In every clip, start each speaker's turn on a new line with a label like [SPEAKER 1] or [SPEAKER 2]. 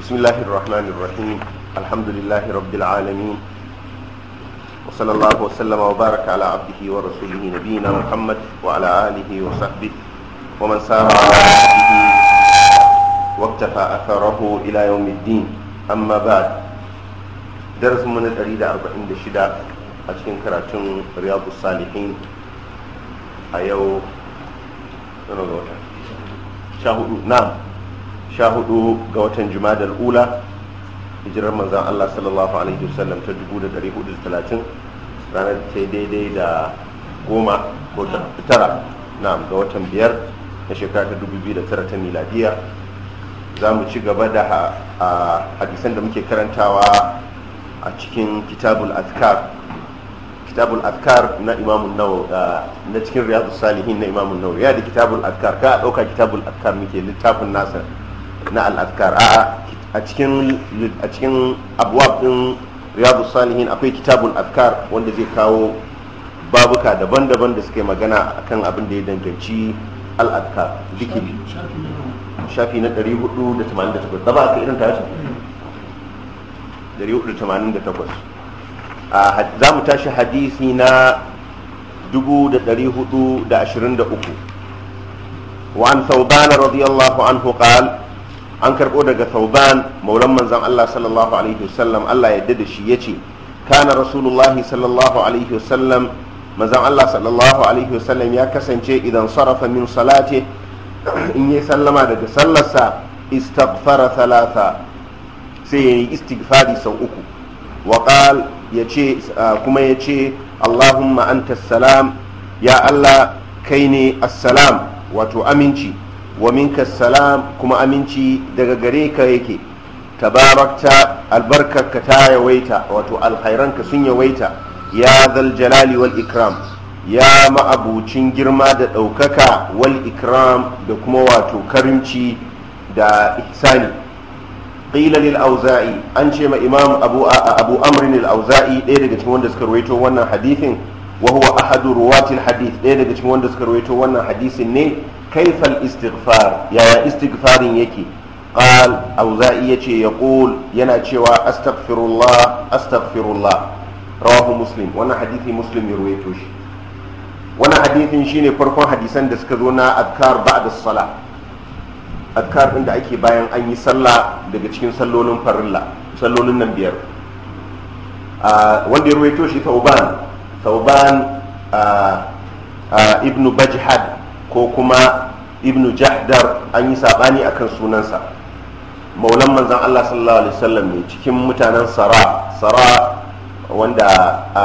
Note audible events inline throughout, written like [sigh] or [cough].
[SPEAKER 1] بسم الله الرحمن الرحيم الحمد لله رب العالمين وصلى الله وسلم وبارك على عبده ورسوله نبينا محمد وعلى آله وصحبه ومن سار على نهجه واقتفى أثره إلى يوم الدين أما بعد درس من الأريد أربعين دشدة أتكن كراتون رياض الصالحين أيو ga sha hudu na sha hudu ga watan jima'ar ula hijirar manzan allah sallallahu alaihi wasallam ta 1430 ranar ta daidai da goma ko tara na ga watan biyar na shekara ta 2009 ta miladiya za mu ci gaba da hadisan da muke karantawa a cikin kitabul azkar kitabul akkar na imamun nawo ah, na cikin riyadu salihin na imamun nawo ya da kitabul akkar ka dauka kitabul akkar muke littafin nasa na al akkar a cikin a cikin abwab din salihin akwai kitabul akkar wanda zai kawo babuka daban-daban da suke magana akan abin da ya danganci al akkar zikiri shafi na 488 da ba ka irin tashi 488 za mu tashi hadisi na 423 وعن ثوبان رضي radiyallahu anhu قال an karbo daga sauban maulan manzan Allah sallallahu alaihi wasallam Allah ya da shi ya ce kana rasulullahi sallallahu alaihi wasallam manzan Allah sallallahu alaihi wasallam ya kasance idan sarafa min salati [clears throat] in yi sallama daga sallarsa istaghfara thalatha sai ya yi istighfari sau uku wa qal Ah, kuma kuma ce, Allahumma anta salam ya Allah kai ne assalam wato aminci wa minka salam kuma aminci daga gare ka yake tabarakta albarkarka ta yawaita wato alkhairanka sun yawaita ya zal jalali wal ikram ya ma'abucin girma da ɗaukaka wal ikram da kuma wato karimci da ihsani qila lil auza'i an ce ma imam abu abu amr al auza'i ɗaya daga cikin wanda suka rawaito wannan hadithin wa huwa ahadu ruwatil hadith ɗaya daga cikin wanda suka rawaito wannan hadisin ne kaifal istighfar yaya istighfarin yake قال أوزائي يقول يناتشوا أستغفر الله أستغفر الله رواه مسلم وانا حديث مسلم يرويتوش وانا حديث شيني فرقون حديثا دسكذونا أذكار بعد الصلاة azkar ɗin da ake bayan an yi sallah daga cikin sallolin farilla sallolin nan biyar wanda ya ruwaito shi tauban tauban ibnu bajhad ko kuma ibnu jahdar an yi sabani kan sunansa maulan manzan allah sallallahu alaihi wasallam ne cikin mutanen sara sara wanda a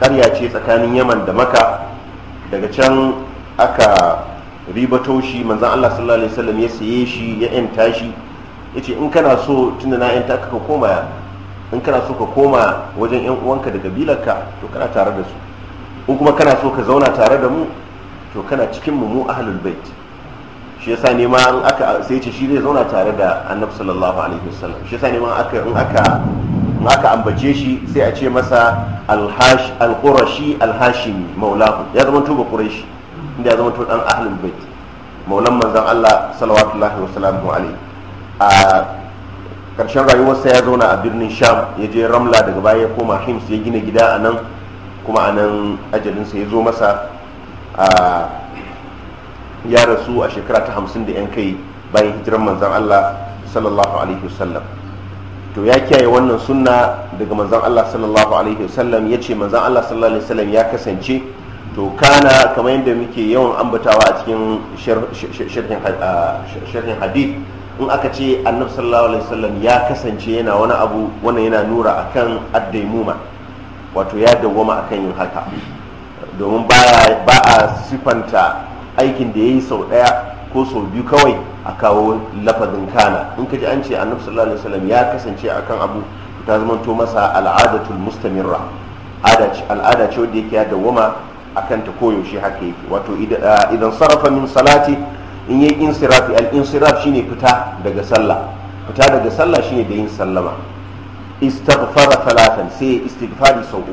[SPEAKER 1] karya ce tsakanin yaman da maka daga can aka ribato shi manzan Allah sallallahu alaihi wasallam ya saye shi ya yanta shi yace in kana so tunda na yanta ka koma in kana so ka koma wajen yan uwanka da kabilarka to kana tare da su in kuma kana so ka zauna tare da mu to kana cikin mu mu ahlul bait shi yasa ne ma in aka sai ce shi zai zauna tare da annabi sallallahu alaihi wasallam shi yasa ne ma aka in aka in aka ambace shi sai a ce masa al-hash al-qurashi al-hashimi maulahu ya zama tuba quraishi inda ya zama to dan ahlul bait maulan manzon Allah salawatullahi wa sallam alaihi a karshen rayuwarsa ya zauna a birnin sham ya je ramla daga baya ya koma hims ya gina gida a nan kuma a nan ajalinsa ya zo masa a ya rasu a shekara ta hamsin da yan kai bayan hijiran manzan Allah sallallahu alaihi wasallam to ya kiyaye wannan sunna daga manzan Allah sallallahu alaihi wasallam ya ce manzan Allah sallallahu alaihi wasallam ya kasance to kana kamar yadda muke yawan ambatawa a cikin sharhin hadith in aka ce annabi sallallahu alaihi wasallam ya kasance yana wani abu wannan yana nura akan addaimuma wato ya dawwama akan yin haka domin ba a sifanta aikin da ya yi sau ɗaya ko sau biyu kawai a kawo lafazin kana in ka ji an ce annabi sallallahu alaihi wasallam ya kasance akan abu ta zamanto masa al'adatul mustamirra al'ada ce wadda yake ya dawwama akan ta koyaushe haka yake wato idan sarrafa min salati in yi insiraf al insiraf shine fita daga sallah fita daga sallah shine da yin sallama istighfara talatan sai istighfari sau uku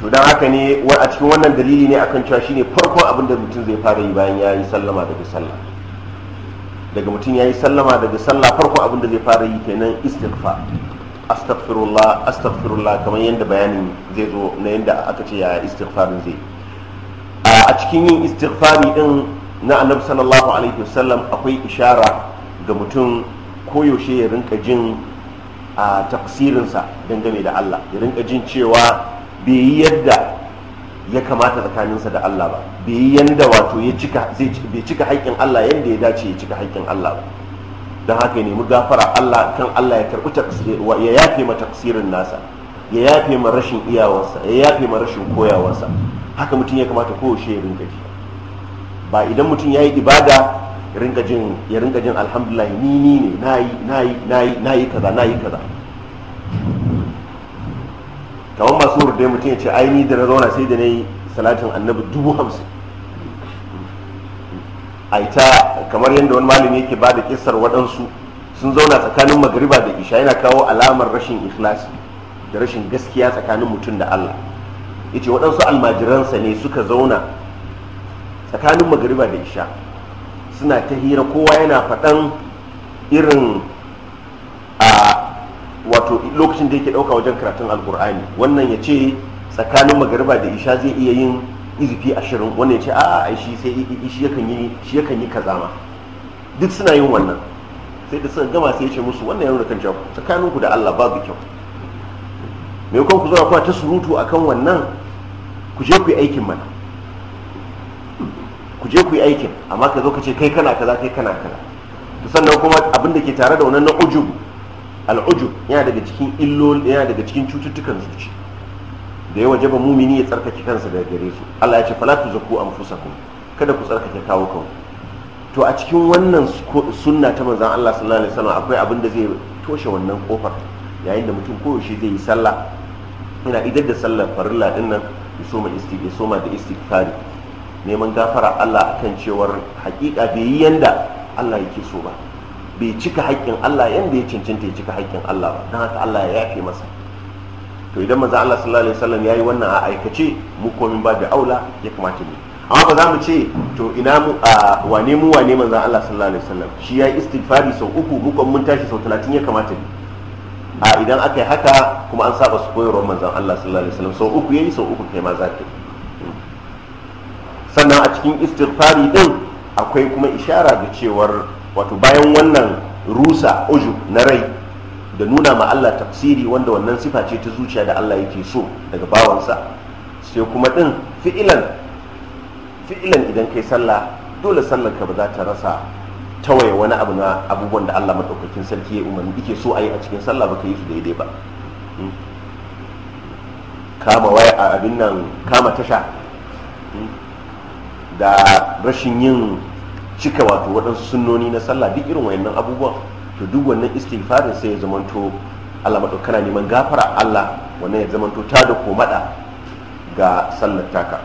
[SPEAKER 1] to dan haka ne a cikin wannan dalili ne akan cewa shine farkon abin da mutum zai fara yi bayan yayi sallama daga sallah daga mutum yayi sallama daga sallah farkon abin da zai fara yi kenan istighfar astaghfirullah astaghfirullah kamar yadda bayanin zai zo na yadda aka ce ya istighfarin zai a cikin yin istighfari din na annabi sallallahu alaihi wasallam akwai ishara ga mutum koyaushe ya rinka jin a tafsirinsa dangane da Allah ya rinka jin cewa bai yi yadda ya kamata tsakaninsa da Allah ba bai yi yadda wato ya cika bai cika haƙƙin Allah yadda ya dace ya cika haƙƙin Allah ba don haka ya nemi gafara Allah kan Allah ya karɓi taksir ya yafe ma taksirin nasa ya yafe ma rashin iyawarsa ya yafe ma rashin koyawarsa haka mutum ya kamata shi ya rinka ji ba idan mutum ya yi ibada ya rinka jin alhamdulillah ni ni ne nayi nayi nayi nayi kaza kaza kamar masu wurde mutum ya ce ai da na zauna sai da na yi salatin annabi dubu hamsin a ita kamar yadda wani malami yake ba da kisar waɗansu sun zauna tsakanin magariba da isha yana kawo alamar rashin ikhlasi da rashin gaskiya tsakanin mutum da allah Ita waɗansu almajiransa ne suka zauna tsakanin magariba da isha suna ta hira kowa yana faɗan irin a wato lokacin da yake ɗauka wajen karatun alkur'ani wannan ya ce tsakanin magariba da isha zai iya yin izifi ashirin wanda ya ce a'a ai shi sai shi yakan yi shi yi kaza ma duk suna yin wannan sai da suka gama sai ya ce musu wannan yana kan jawo tsakanin ku da Allah babu kyau me kun ku zo kuna ta surutu akan wannan ku je ku yi aikin mana ku je ku yi aikin amma ka zo ka ce kai kana kaza kai kana kaza to sannan kuma abin da ke tare da wannan na ujub al-ujub yana daga cikin illol yana daga cikin cututtukan zuciya da ya wajaba mumini ya tsarkake kansa daga gare su Allah ya ce fala amfusa anfusakum kada ku tsarkake kawo kanku to a cikin wannan sunna ta manzon Allah sallallahu alaihi wasallam akwai abin da zai toshe wannan kofar yayin da mutum koyaushe zai yi sallah yana idar da sallar farilla din nan ya soma ya soma da istighfar neman gafara Allah akan cewar hakika bai yi yanda Allah yake so ba bai cika haƙƙin Allah yanda ya cancanta ya cika haƙƙin Allah ba don haka Allah ya yafe masa to idan manzo Allah sallallahu alaihi wasallam yayi wannan a aikace mu komin ba da aula ya kamata ni. amma ba za mu ce to ina mu wane mu wane manzo Allah sallallahu alaihi wasallam shi yayi istighfari sau uku mu kuma mun tashi sau 30 ya kamata mu a idan aka yi haka kuma an saba su koyarwar manzon Allah sallallahu alaihi wasallam sau uku yayi sau uku kai ma za sannan a cikin istighfari din akwai kuma ishara da cewar wato bayan wannan rusa uju na rai da nuna ma Allah tafsiri wanda wannan sifa ce ta zuciya da Allah yake so daga bawansa sai kuma din fi'ilan fi'ilan idan kai sallah dole sallar ka ba za ta rasa tawaye wani abu na abubuwan da Allah madaukakin sarki ya umarni yake so a yi a cikin sallah ba ka yi su daidai ba hmm. kama waya a abin nan kama tasha hmm. da rashin yin cika wato waɗansu sunnoni na sallah duk irin wayannan abubuwan to duk wannan istighfarin sai ya zamanto Allah maɗau kana neman gafara Allah wannan ya zamanto ta da komaɗa ga sallar taka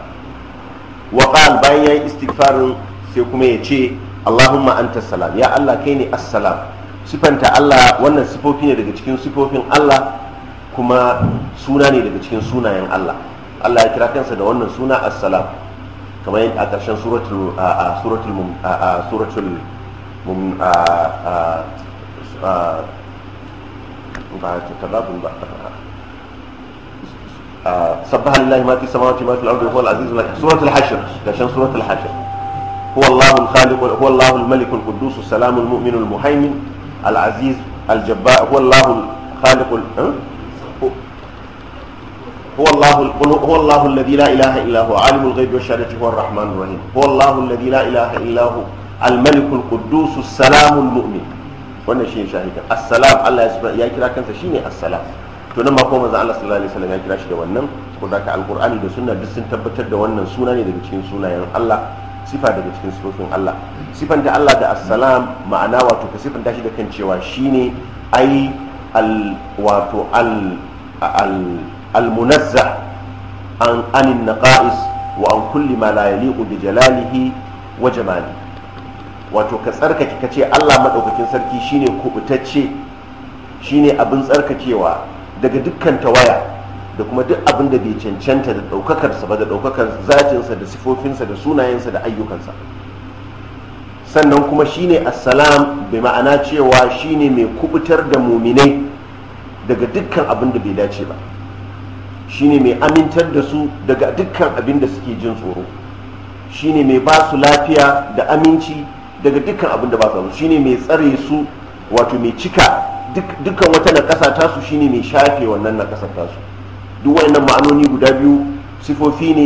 [SPEAKER 1] wa qal bayan yayi istighfarin sai kuma ya ce Allahumma anta salam ya Allah kai ne assalam sifanta Allah wannan sifofi ne daga cikin sifofin Allah kuma suna ne daga cikin sunayen Allah Allah ya kira kansa da wannan suna assalam kamar a ƙarshen suratul suratul ف تتغابن بقى بعد آه، سبح لله ما في السماوات وما في الارض وهو العزيز الحكيم سوره الحشر عشان سوره الحشر هو الله الخالق هو الله الملك القدوس السلام المؤمن المهيمن العزيز الجبار هو الله الخالق هو الله هو الله الذي لا اله الا هو عالم الغيب والشهاده هو الرحمن الرحيم هو الله الذي لا اله الا هو الملك القدوس السلام المؤمن wannan shi ne shahidin assalam Allah ya kira kansa shi ne assalam to nan ma ko manzon Allah sallallahu alaihi wasallam ya kira shi da wannan da ka alqur'ani da sunna duk sun tabbatar da wannan suna ne daga cikin sunayen Allah sifa daga cikin sifofin Allah sifan da Allah da assalam ma'ana wato ka sifan shi da kan cewa shi ne ai al wato al al al munazzah an anin naqais wa an kulli ma la yaliqu bi jalalihi wa jamalihi wato ka tsarkake ka ce allah maɗaukakin sarki shine kubutacce shine abin tsarkakewa daga dukkan tawaya da kuma duk abin da bai cancanta da ɗaukakarsa ba da ɗaukakar zatinsa da sifofinsa da sunayensa da ayyukansa sannan kuma shine assalam bai ma'ana cewa shine mai kubutar da muminai daga dukkan abin da bai dace ba shine mai amintar da su daga dukkan abin da suke jin tsoro shine mai ba su lafiya da aminci daga dukkan abin da ba shi shine mai tsare su wato mai cika dukkan wata nakasa ta su shine mai shafe wannan nakasa ta su duk wayannan ma'anoni guda biyu sifofi ne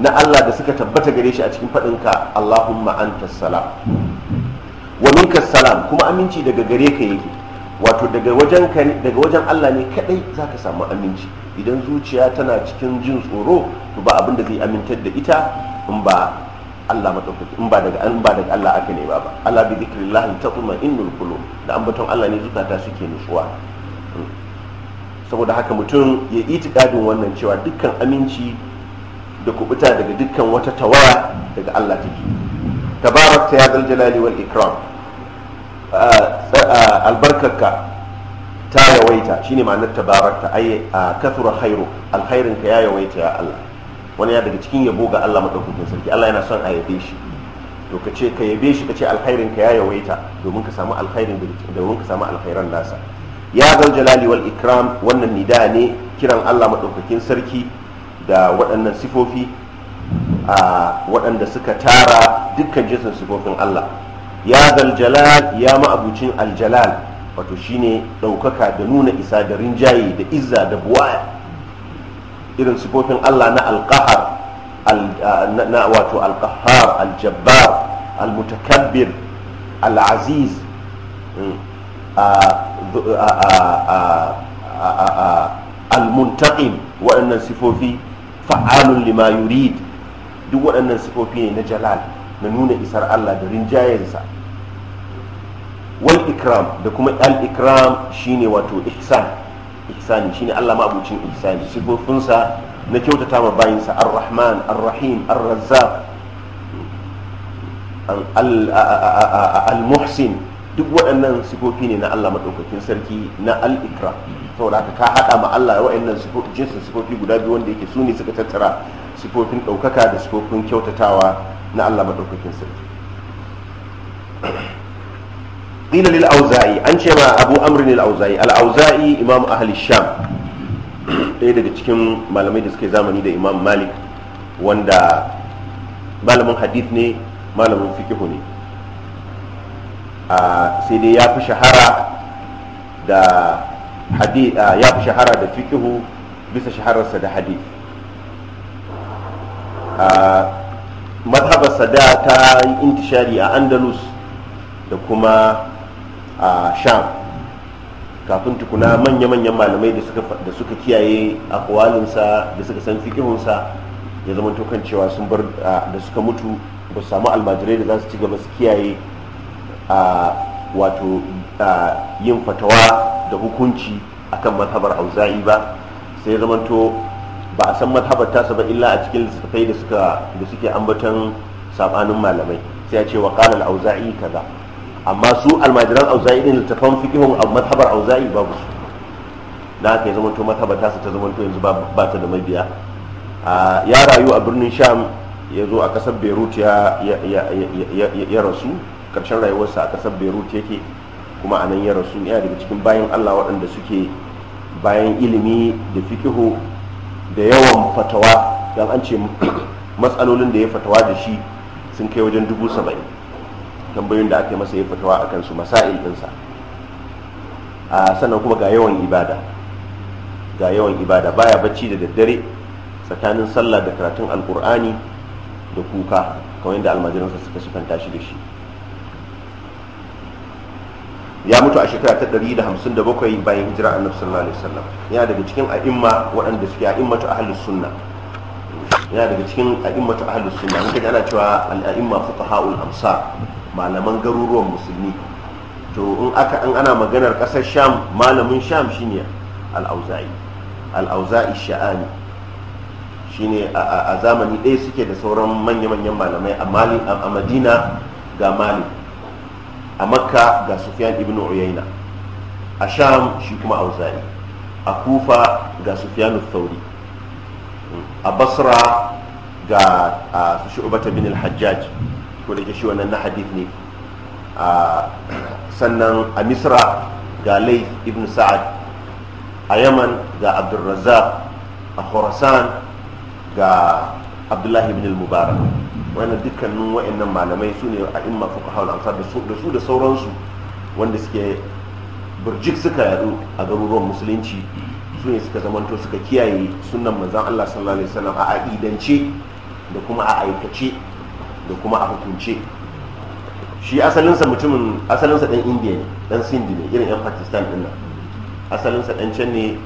[SPEAKER 1] na Allah da suka tabbata gare shi a cikin faɗinka Allahumma anta salam wa minka salam kuma aminci daga gare ka yake wato daga wajen Allah ne kadai zaka samu aminci idan zuciya tana cikin jin tsoro to ba abin da zai amintar da ita in ba Allah madaukaki in ba daga an ba daga Allah aka nema ba Allah bi zikrillah tatma'innul qulub da ambaton Allah ne zukata suke nutsuwa saboda haka mutum ya itikadin wannan cewa dukkan aminci da kubuta daga dukkan wata tawara daga Allah take tabarakta ya zal jalali wal ikram albarkarka ta yawaita shine ma'anar tabarakta ai kathura khairu ka ya yawaita ya Allah wani ya daga cikin yabo ga Allah madaukakin sarki Allah yana son a yabe shi to ka ce ka yabe shi ka ce alkhairin ka ya yawaita domin ka samu alkhairin domin ka samu alkhairan nasa ya zal jalali wal ikram wannan nida ne kiran Allah madaukakin sarki da waɗannan sifofi a waɗanda suka tara dukkan jinsin sifofin Allah ya zal jalal ya ma'abucin aljalal wato shine ɗaukaka da nuna isa da rinjaye da izza da buwaya irin sifofin Allah na alqahar ah, na wato alƙahar aljabbar almutakabbir alaziz hmm, ah, ah, almuntaƙin waɗannan sifofi fa'alun lima yurid duk waɗannan sifofi ne na jalal na nuna isar Allah da rinjayensa wal ikram da kuma al ikram shine wato ihsan ihsani shine Allah ma'abucin ihsani sifofinsa na kyautata ma bayinsa ar-rahman ar-rahim ar-razzaq al-muhsin duk waɗannan sifofi ne na Allah madaukakin sarki na al-ikra saboda haka ka hada ma Allah waɗannan jinsin sifofi guda biyu wanda yake su ne suka tattara sifofin ɗaukaka da sifofin kyautatawa na Allah madaukakin sarki qila lil auza'i an ce ma abu amrin al auza'i al auza'i imam ahli sham daya [clears throat] daga cikin malamai da suke zamani da imam malik wanda malamin hadith ne malamin fikihu ne sai dai ya fi shahara da hadith ya fi shahara da fikihu bisa shahararsa da hadith madhabar da ta yi intishari a andalus da kuma a sham kafin tukuna manya-manyan malamai da suka kiyaye akwalinsa da suka san fikihunsa ya zama kan cewa sun bar da suka mutu ba su samu almajirai da za su ci gaba su kiyaye a wato yin fatawa da hukunci akan matabar auza'i ba sai zamanto ba a san matabar tasa ba illa a cikin littattafai da suke ambaton sabanin malamai sai ya ce wa qala auzai kaza amma su almajiran auza'i din littafan fikihun a mazhabar auza'i babu su da aka yi zamanto mazhabar tasu ta zamanto yanzu ba ta da mabiya ya rayu a birnin sham ya zo a kasar beirut ya rasu karshen rayuwarsa a kasar beirut yake kuma a nan ya rasu yana daga cikin bayan allah waɗanda suke bayan ilimi da fikihu da yawan fatawa don an ce [coughs] matsalolin da ya fatawa da shi sun kai wajen dubu saba'in tambayoyin da aka yi masa ya fitawa a kansu masail ɗinsa a sannan kuma ga yawan ibada ga yawan ibada baya bacci da daddare tsakanin sallah da karatun alkur'ani da kuka kawai da almajiransa suka sifanta shi da shi ya mutu a shekara ta 157 bayan hijira annabi sallallahu alaihi wasallam yana daga cikin a'imma waɗanda suke a'immatu ahlus sunna Ya daga cikin a'immatu ahlus sunna mun kaji ana cewa al-a'imma fuqaha'ul amsar malaman garuruwan musulmi to in aka in ana maganar kasar sham malamin sham shine al-auza'i al-auza'i sha'ani shine a zamani ɗaya suke da sauran manya-manyan malamai a mali a madina ga mali a makka ga sufyan ibn uyaina a sham shi kuma auza'i a kufa ga sufyan thauri a basra ga shu'bata bin al-hajjaj ko da shi wannan na hadith ne sannan a misra ga laif ibn sa'ad a yaman ga abdulrazzaq a khorasan ga abdullahi ibn al-mubarak wannan dukkanin wa'annan malamai su ne a imma fuka hawan amsar da su da sauransu wanda suke burjik suka yadu a garuruwan musulunci su ne suka zamanto suka kiyaye sunan manzan allah sallallahu alaihi wasallam a aƙidance da kuma a aikace da kuma a hukunce shi asalinsa mutumin asalinsa ɗan indiya ne ɗan sindi ne irin yan pakistan ɗin nan asalinsa ɗan can ne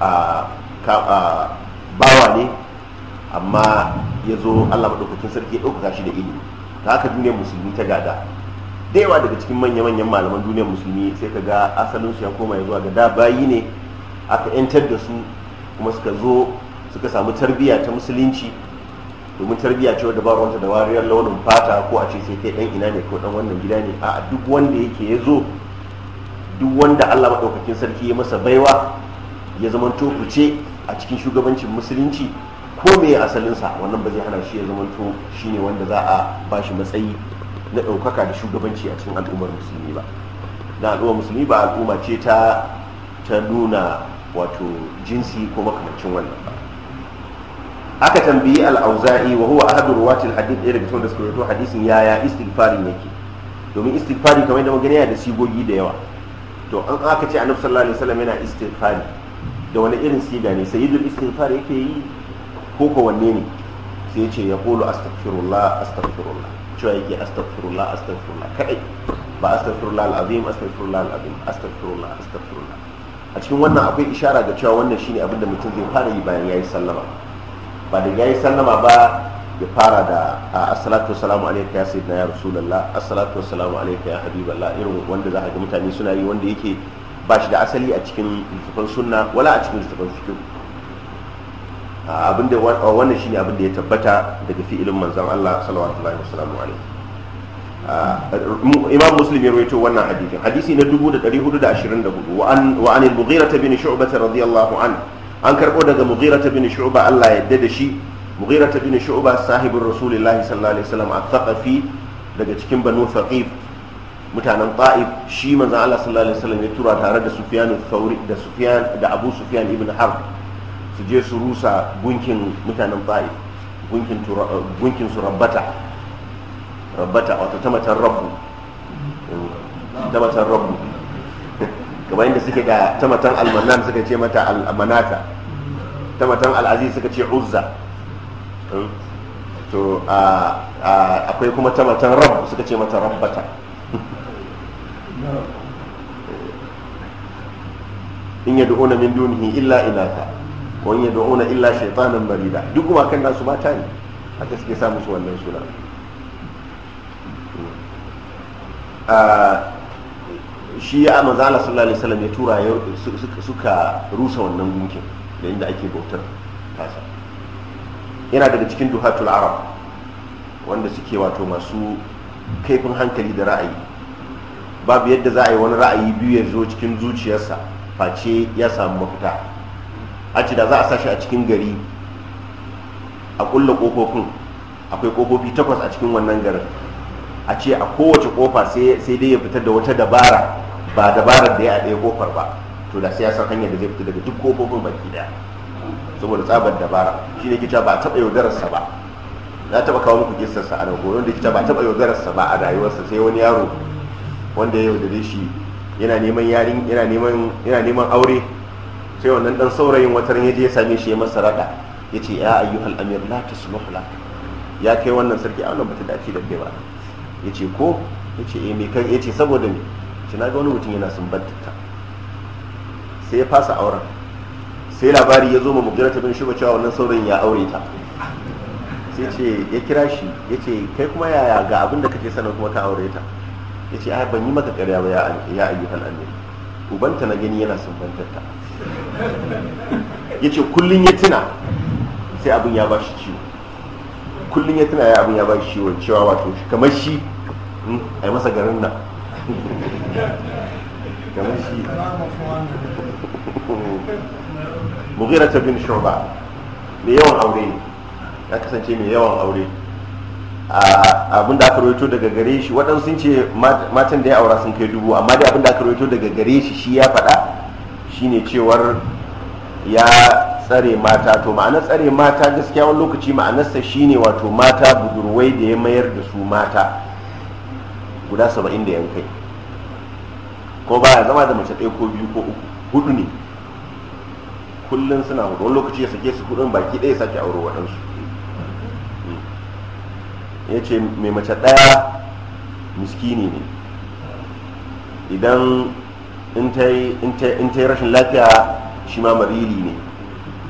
[SPEAKER 1] a bawa ne amma ya zo allah maɗaukakin sarki ya ɗaukaka shi da ilimi ta haka duniyar musulmi ta gada da yawa daga cikin manya-manyan malaman duniya musulmi sai ka ga asalinsu ya koma ya zuwa ga da bayi ne aka 'yantar da su kuma suka zo suka samu tarbiyya ta musulunci domin tarbiyya ce wadda ba ruwanta da wariyar launin fata ko a ce sai kai dan ina ne ko dan wannan gida ne a duk wanda yake ya zo duk wanda Allah maɗaukakin sarki ya masa baiwa ya zama tokuce a cikin shugabancin musulunci ko me asalinsa wannan ba zai hana shi ya zama to ne wanda za a ba shi matsayi na ɗaukaka da shugabanci a cikin al'ummar musulmi ba na al'ummar musulmi ba al'umma ce ta ta nuna wato jinsi ko makamancin wannan ba aka tambayi al-auza'i wa huwa ahadu ruwatil hadith ɗaya daga cikin da suka rawaito hadisin yaya istighfari yake domin istighfari kamar da magana yana da sigogi da yawa to an aka ce annabi sallallahu alaihi wasallam yana istighfari da wani irin siga ne sayyidul istighfar yake yi ko ko wanne ne sai ya ce ya qulu astaghfirullah astaghfirullah cewa yake astaghfirullah astaghfirullah kai ba astaghfirullah alazim astaghfirullah alazim astaghfirullah astaghfirullah a cikin wannan akwai ishara ga cewa wannan shine abin da mutum zai fara yi bayan yayi sallama ba da yayi sallama ba ya fara da assalatu wassalamu alayka ya sayyidina ya rasulullah assalatu wassalamu alayka ya habiballah irin wanda za a ga mutane suna yi wanda yake ba shi da asali a cikin littafin sunna wala a cikin littafin fiqh abinda wannan shine da ya tabbata daga fi'ilin manzon Allah sallallahu alaihi wasallam imam muslim ya rawaito wannan hadisin hadisi na 1424 wa an wa an al-mughira bin shu'bah radiyallahu anhu an karbo daga mughira bin shu'ba Allah ya yadda da shi mughira bin shu'ba sahibin rasulullahi sallallahu alaihi wasallam al-thaqafi daga cikin banu thaqif mutanen ta'if shi manzon Allah sallallahu alaihi wasallam ya tura tare da sufyan thawri da sufyan da abu sufyan ibn harb su je su rusa gunkin mutanen ta'if gunkin gunkin su rabbata rabbata wato tamatan rabbu tamatan rabbu kamar yadda suke ga tamatan almanan suka ce mata almanata tamatan al'aziz suka ce uzza hmm? to akwai kuma tamatan rabb suka ce mata rabbata [laughs] in yad'una min dunihi illa inatha wa in yad'una illa shaytanan marida duk kuma kan nasu mata ne haka suke samun su wannan suna hmm. shi ya manzo Allah sallallahu alaihi wasallam ya tura suka rusa wannan gunkin da inda ake bautar tasa yana daga cikin duhatul arab wanda suke wato masu kaifin hankali da ra'ayi babu yadda za a yi wani ra'ayi biyu ya zo cikin zuciyarsa face ya samu mafita a ce da za a sashi a cikin gari a kulla kofofin akwai kofofi takwas a cikin wannan garin a ce a kowace kofa sai dai ya fitar da wata dabara ba dabarar da ya a ɗaya kofar ba to da sai ya san hanyar da zai fita daga duk kofofin baki daya saboda tsabar dabara shi ne kita ba a taɓa yaudararsa ba na taɓa kawo muku gistarsa a nan goron da kita ba a taɓa yaudararsa ba a rayuwarsa sai wani yaro wanda ya yaudare shi yana neman yarin yana neman yana neman aure sai wannan dan saurayin wata ya je ya same shi ya masa rada ya ce ya ayyuhal amir la tasluhu lak ya kai wannan sarki a wannan bata dace da kai ba ya ce ko ya ce eh me kai ya ce saboda me shi na ga wani mutum yana sumbantarta sai ya fasa auren sai labari ya zo ma mugdara ta bin shi cewa wannan saurayin ya aure ta sai ce ya kira shi ya ce kai kuma yaya ga abin da kake sanar kuma ka aure ta ya ce ah, ban yi maka karya ba ya ayyukan annabi ubanta na gani yana sumbantarta ya ce kullum ya tuna sai abin ya ba shi ciwo kullum ya tuna ya abin ya ba shi ciwo cewa wato kamar shi hmm, a yi masa garin nan kamar shi mughira ta bin shuba mai yawan aure ne ya kasance mai yawan aure abinda aka rawaito daga gare shi waɗansu sun ce matan da ya aura sun kai dubu amma dai abinda aka rawaito daga gare shi shi ya faɗa shine cewar ya tsare mata to ma'anar tsare mata gaskiya wani lokaci ma'anarsa shine wato mata budurwai da ya mayar da su mata guda saba'in da yankai ko baya zama da mace ɗaya ko biyu ko uku hudu ne kullum suna hudu wani lokaci ya sake su hudun baki ɗaya sake auro waɗansu hmm. ya ce mai mace ɗaya miskini ne idan in ta yi rashin lafiya shi ma marili ne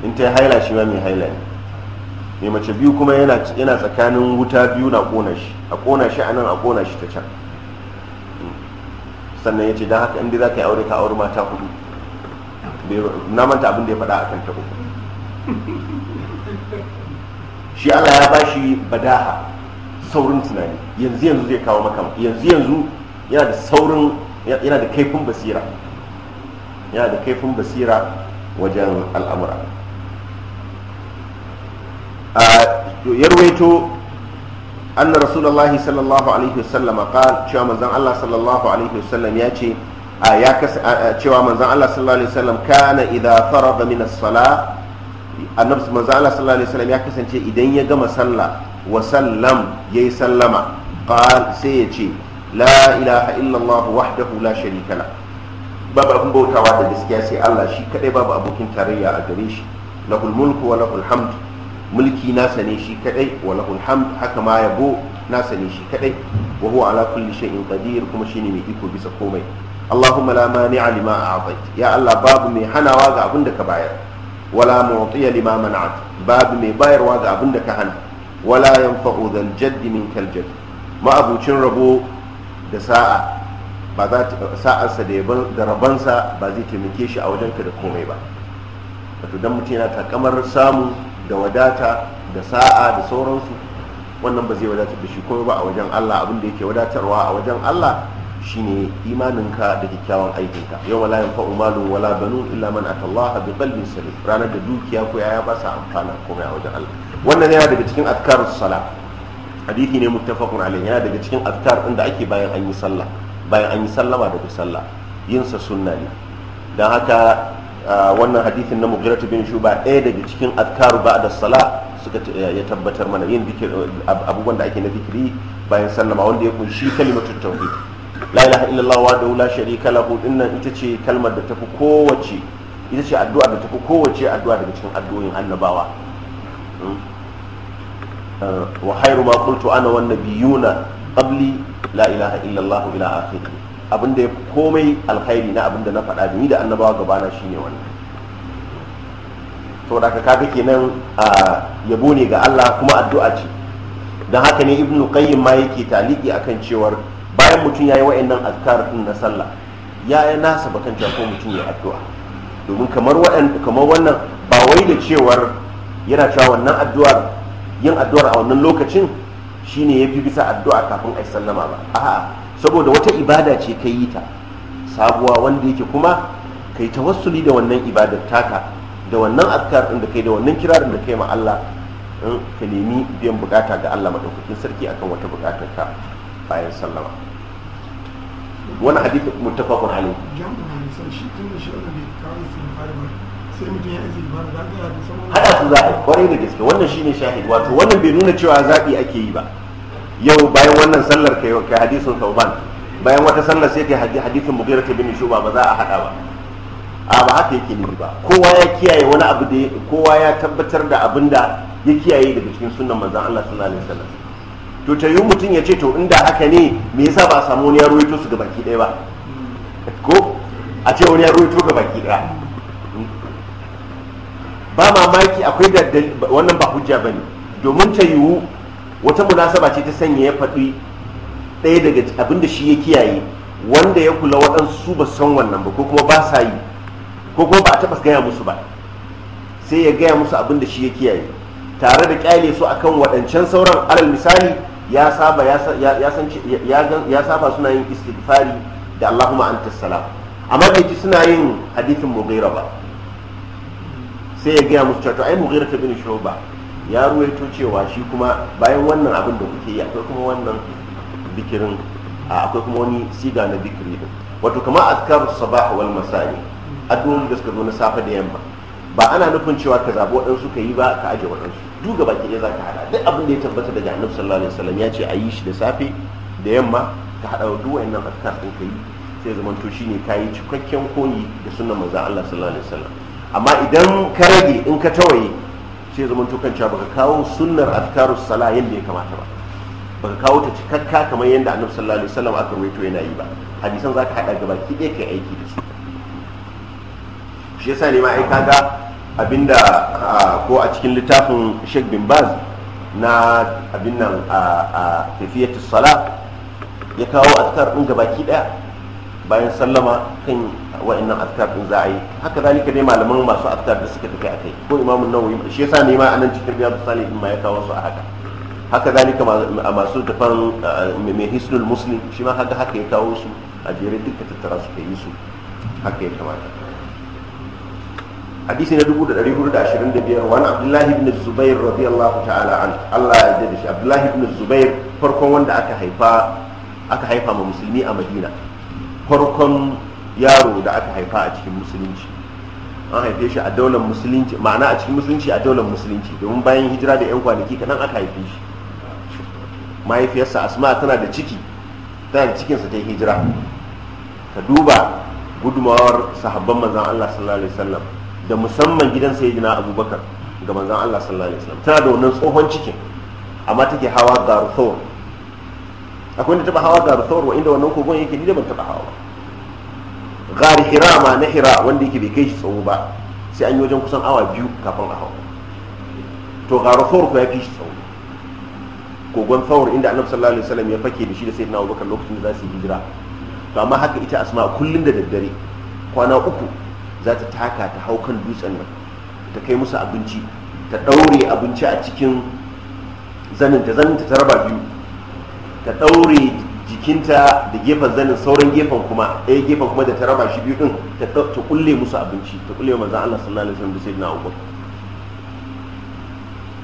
[SPEAKER 1] in ta yi haila shi ma mai haila ne mai mace biyu kuma yana tsakanin wuta biyu na ƙona shi a ƙona shi a nan a ƙona shi ta can sannan ya ce don haka inda za ka yi aure ka aure mata hudu na manta abin da ya faɗa a kan taɓa uku shi Allah ya ba shi badaha saurin tunani yanzu yanzu zai kawo maka yanzu yanzu yana da saurin yana da kaifin basira yana da kaifin basira wajen al'amura a ah, yarwaito أن رسول الله صلى الله عليه وسلم قال شوى من الله صلى الله عليه وسلم ياتي يا كس شوى من الله صلى الله عليه وسلم كان إذا فرغ من الصلاة النبي من الله صلى الله عليه وسلم يا كس إذا يجمع صلى وسلم يسلم قال سيتي لا إله إلا الله وحده لا شريك له babu abin bautawa da gaskiya sai Allah shi kadai babu abokin tarayya a gare shi lahul mulku wa lahul hamdu mulki nasa ne shi kadai wa lahul hamd haka ma yabo nasa ne shi kadai wa huwa ala kulli shay'in qadir kuma shine mai iko bisa komai Allahumma la mani'a lima a'tait ya Allah babu mai hanawa ga abin da ka bayar wala mu'tiya lima man'at babu mai bayarwa ga abin da ka hana wala yanfa'u dhal jadd minkal jadd abucin rabo da sa'a ba za ta sa'arsa da rabansa ba zai taimake shi a wajenka da komai ba wato dan mutum yana takamar samu da wadata da sa'a da sauransu wannan ba zai wadatar da shi komai ba a wajen Allah abin da yake wadatarwa a wajen Allah shine imaninka da kyakkyawan aikinka yau wala yanfa umalu wala banun illa man atallaha bi qalbin salim ranar da dukiya ko yaya ba sa amfana komai a wajen Allah wannan yana daga cikin azkarus sala hadisi ne muttafaqun alayhi yana daga cikin azkar din da ake bayan an yi sallah bayan an yi sallama daga sallah yin sa sunna ne dan haka wannan hadisin na mugiratu bin ba ɗaya daga cikin azkaru ba da sala suka ya tabbatar mana yin abubuwan da ake na zikiri bayan sallama wanda ya kunshi kalimatu tauhid la ilaha illallah wa da la sharika lahu dinnan ita ce kalmar da tafi kowace ita ce addu'a da tafi kowace addu'a daga cikin addu'o'in annabawa hmm? uh, wa khairu ma qultu ana wan nabiyuna qabli la ilaha illallah ila akhirih abin da ya komai alkhairi na abin da na faɗa da ni da annabawa gabana shine wannan saboda ka kaga kenan yabo ne ga Allah kuma addu'a ce don haka ne ibnu qayyim ma yake taliki akan cewar bayan mutum yayi wa'annan azkar din na sallah ya yi nasa bakan ko mutum ya addu'a domin kamar wannan ba wai da cewar yana cewa wannan addu'ar yin addu'ar a wannan lokacin shine yafi bisa addu'a kafin a yi sallama ba a'a saboda wata ibada ce ka yi ta sabuwa wanda yake kuma ka yi tawassuli da wannan ibadar taka da wannan askar ɗin da kai da wannan kirarin da kai ma Allah ka nemi biyan bukata ga Allah madaukakin sarki akan wata bukatar ka bayan sallama wani hadith muttafaqun alayhi hada su za a kwarai da gaske wannan shine shahid wato wannan bai nuna cewa zaɓi ake yi ba yau bayan wannan sallar ka kai hadisin Sauban bayan wata sallar sai kai hadisin Mughira bin Shuba ba za a hada ba a ba haka yake nufi ba kowa ya kiyaye wani abu da kowa ya tabbatar da abin da ya kiyaye daga cikin sunnan manzon Allah sallallahu alaihi wasallam to ta yi mutum ya ce to inda haka ne me yasa ba a samu wani ya ruwaito su ga baki ɗaya ba ko a ce wani ya ruwaito ga baki ɗaya ba mamaki akwai da wannan ba hujja ba ne domin ta yiwu wata munasaba ce ta sanya ya faɗi ɗaya daga abin da shi ya kiyaye wanda ya kula waɗansu ba san wannan ba ko kuma ba sa yi ko kuma ba a taɓa gaya musu ba sai ya gaya musu abin da shi ya kiyaye tare da kyale su akan waɗancan sauran alal misali ya saba ya saba suna yin istighfari da Allahumma anta salam amma bai ji suna yin hadithin mughira ba sai ya gaya musu cewa ai mughira ta bin shuba ya ruwaito cewa shi kuma bayan wannan abin da kuke yi akwai kuma wannan bikirin akwai kuma wani siga na bikiri din wato kamar azkar sabah wal masai da suka zo na safe da yamma ba ana nufin cewa ka zabi waɗansu ka yi ba ka ajiye waɗansu duk gaba ki za ka hada duk abin da ya tabbata daga annabi sallallahu alaihi wasallam ya ce a yi shi da safe da yamma ka hada duk wayannan azkar din ka yi sai zaman to shine kayi cikakken koyi da sunnan manzon Allah sallallahu alaihi wasallam amma idan ka rage in ka tawaye sai zama tukan cewa baka kawo sunnar azkarus sala yadda ya kamata ba baka kawo ta cikakka kamar yadda annabi sallallahu alaihi wasallam aka rawaito yana yi ba hadisan zaka hada gaba ki dai kai aiki da su shi yasa ne ma ai kaga abinda ko a cikin littafin Sheikh bin Baz na abin nan a tafiyatu sala ya kawo azkar din gabaki daya bayan sallama kan wa'annan askar din za a yi haka zalika ne malaman masu askar da suka tafi akai ko imamu nawawi shi yasa ne ma anan cikin riyadu salihin ma ya kawo su a haka haka zalika masu tafan mai hisnul muslim shi ma haka haka ya kawo su a jere duka tattara suka yi su haka ya kamata hadisi na 1425 wani abdullahi ibn zubair radiyallahu ta'ala an allah ya yarda da shi abdullahi ibn zubair farkon wanda aka haifa aka haifa ma musulmi a madina farkon yaro da aka haifa a cikin musulunci an haife shi a daular musulunci ma'ana a cikin musulunci a daular musulunci domin bayan hijira da 'yan kwanaki kaɗan aka haife shi mahaifiyarsa asma tana da ciki tana da cikinsa ta hijira ka duba gudumawar sahabban manzan allah sallallahu alaihi wasallam da musamman gidan sayyidina abubakar ga manzan allah sallallahu alaihi wasallam tana da wannan tsohon cikin amma take hawa garuthor akwai wanda taba hawa garuthor wa inda wannan kogon yake ni da ban taba hawa ba gari hira ma na hira wanda yake bai kai shi tsawo ba sai an yi wajen kusan awa biyu kafin a hau to gari thawr ko ya fi shi tsawo kogon thawr inda annabi sallallahu alaihi wasallam ya fake da shi da na abubakar lokacin da za su yi hijira to amma haka ita asma kullum da daddare kwana uku za ta taka ta hau kan dutsen nan ta kai musu abinci ta ɗaure abinci a cikin zaninta zaninta ta raba biyu ta ɗaure jikinta da gefen zanin sauran gefen kuma ɗaya gefen kuma da ta raba shi biyu din ta kulle musu abinci ta kulle manzon Allah sallallahu alaihi wasallam da sayyidina Abu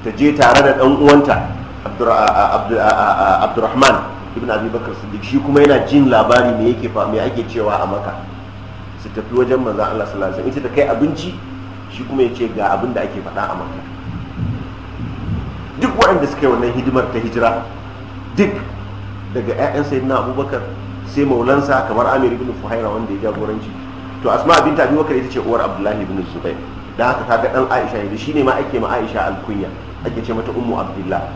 [SPEAKER 1] ta je tare da ɗan uwanta Abdurrahman ibn Abi Bakar Siddiq shi kuma yana jin labari me yake fa me ake cewa a Makka su tafi wajen manzon Allah sallallahu alaihi wasallam ita ta kai abinci shi kuma ya ce ga abin da ake faɗa a Makka duk waɗanda suka yi wannan hidimar ta hijira duk daga 'ya'yan sayyidina abubakar sai maulansa kamar amir ibn fuhaira wanda ya jagoranci to asma binta tabi wakar ita ce uwar abdullahi ibn zubair dan haka ta ga dan aisha ne shine ma ake ma aisha alkunya ake ce mata ummu abdullah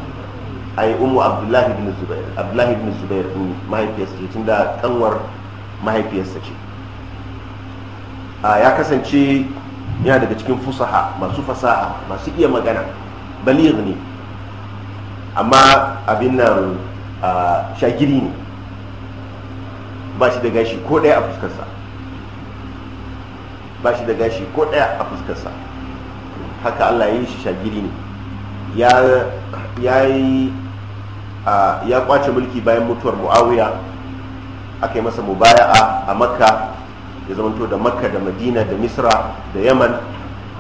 [SPEAKER 1] ai ummu abdullahi ibn zubair abdullahi ibn zubair din mahaifiyarsa ce tunda kanwar mahaifiyarsa ce ya kasance yana daga cikin fusaha masu fasaha masu iya magana baligh ne amma abin nan a shagiri ne ba shi da gashi ko ɗaya a fuskarsa ba shi da gashi ko ɗaya a fuskarsa haka allah ya yi shi shagiri ne ya yi ya kwace mulki bayan mutuwar muawiya aka yi masa mubaya'a a makka ya zamanto da makka da madina da misra da yaman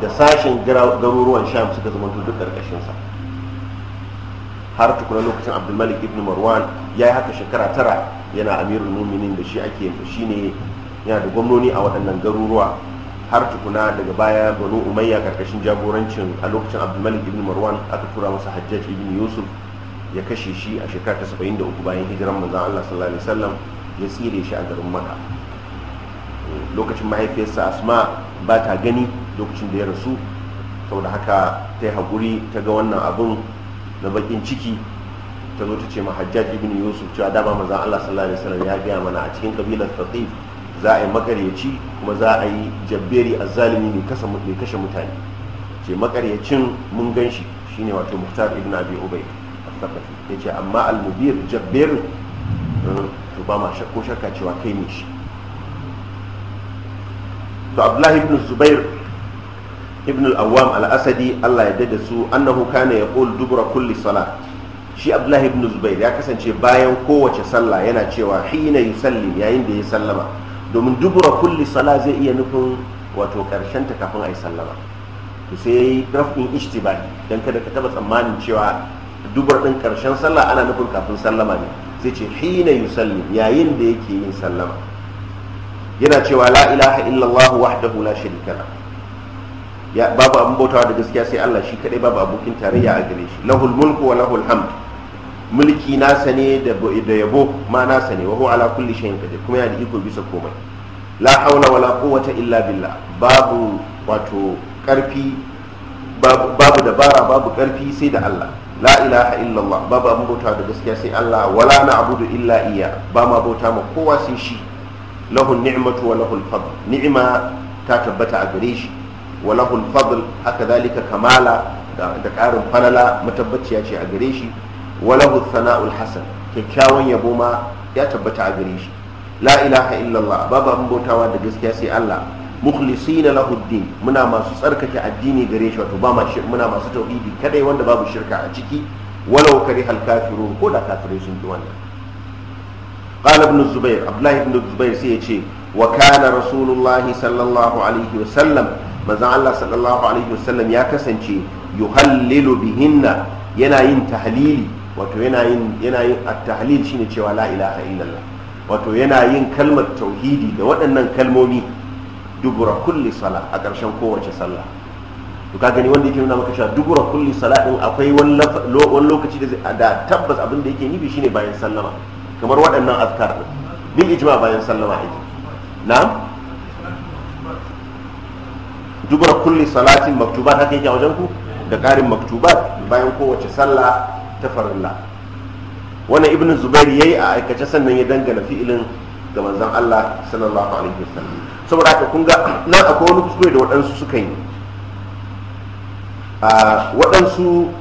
[SPEAKER 1] da sashen garuruwan sham suka zamanto duk ƙarƙashinsa har tukuna lokacin abdulmalik ibn marwan ya yi haka shekara tara yana amirul muminin da shi ake shi ne yana da gwamnoni a waɗannan garuruwa har tukuna daga baya banu umayya karkashin jagorancin a lokacin abdulmalik ibn marwan aka tura masa hajjaj ibn yusuf ya kashe shi a shekara ta 73 bayan hijiran manzon allah sallallahu alaihi wasallam ya tsire shi a garin maka lokacin mahaifiyarsa asma ba ta gani lokacin da ya rasu saboda haka ta yi haƙuri ta ga wannan abun. na bakin ciki ta zo ta ce ma ibn yusuf cewa dama maza allah sallallahu alaihi wasallam ya gaya mana a cikin kabilar fatif za a yi makaryaci kuma za a yi jabberi a zalimi mai kashe mutane ce makaryacin mun gan shi shine wato muhtar ibn abi ubay ya ce amma almubir jabber eh, to ba ma shakko shakka cewa kai ne shi to abdullahi ibn zubair ibn al-awwam al-asadi Allah ya dada su annahu kana yaqul dubra kulli salat shi abdullahi ibn zubair ya kasance bayan kowace sallah yana cewa hina yusallim yayin da ya sallama domin dubra kulli sala zai iya nufin wato karshen ta kafin ai sallama to sai yayi rafin ishtibai dan kada ka taba tsammanin cewa dubar ɗin karshen sallah ana nufin kafin sallama ne sai ce hina yusallim yayin da yake yin sallama yana cewa la ilaha illallah wahdahu la shiri lahu ya babu abin bautawa da gaskiya sai Allah shi kadai babu abokin tarayya a gare shi lahul mulku wa lahul hamd mulki na ne da yabo ma na sane wa huwa ala kulli shay'in qadir kuma yana da iko bisa komai la haula wala quwwata illa billah babu wato karfi babu babu dabara babu karfi sai da Allah la ilaha allah babu abin bautawa da gaskiya sai Allah wala na'budu illa iya ba ma bauta ma kowa sai shi lahu ni'matu wa lahul fadl ni'ma ta tabbata a gare shi walahul fadl haka zalika kamala da karin falala mutabbaciya ce a gare shi walahul sana'ul hasan kyakkyawan yabo ma ya tabbata a gare shi la ilaha illallah babu abin bautawa da gaskiya sai Allah mukhlisina lahu din muna masu tsarkake addini gare shi wato ba muna masu tauhidi kadai wanda babu shirka a ciki walau kari hal kafirun ko da kafirai sun ki wannan قال ابن الزبير عبد الله بن الزبير سيئة وكان manzon Allah sallallahu alaihi wasallam ya kasance yuhallilu bihinna yana yin tahlili wato yana yin yana yin at-tahlil shine cewa la ilaha illallah wato yana yin kalmar tauhidi da waɗannan kalmomi dubura kulli sala a ƙarshen kowace sallah to ka gani wanda yake nuna maka cewa dubura kulli sala din akwai wani lokaci da tabbas abin da yake nufi shine bayan sallama kamar waɗannan azkar din bil ijma bayan sallama ake na'am dubura kulli salatin maktubat haka yake a wajen ku da karin maktubat bayan kowace sallah ta farilla wannan ibnu zubairi yayi a aikace sannan ya dangana fi'ilin ga manzon Allah sallallahu alaihi wasallam saboda haka kun ga [clears throat] nan akwai wani kuskure da waɗansu suka yi a waɗansu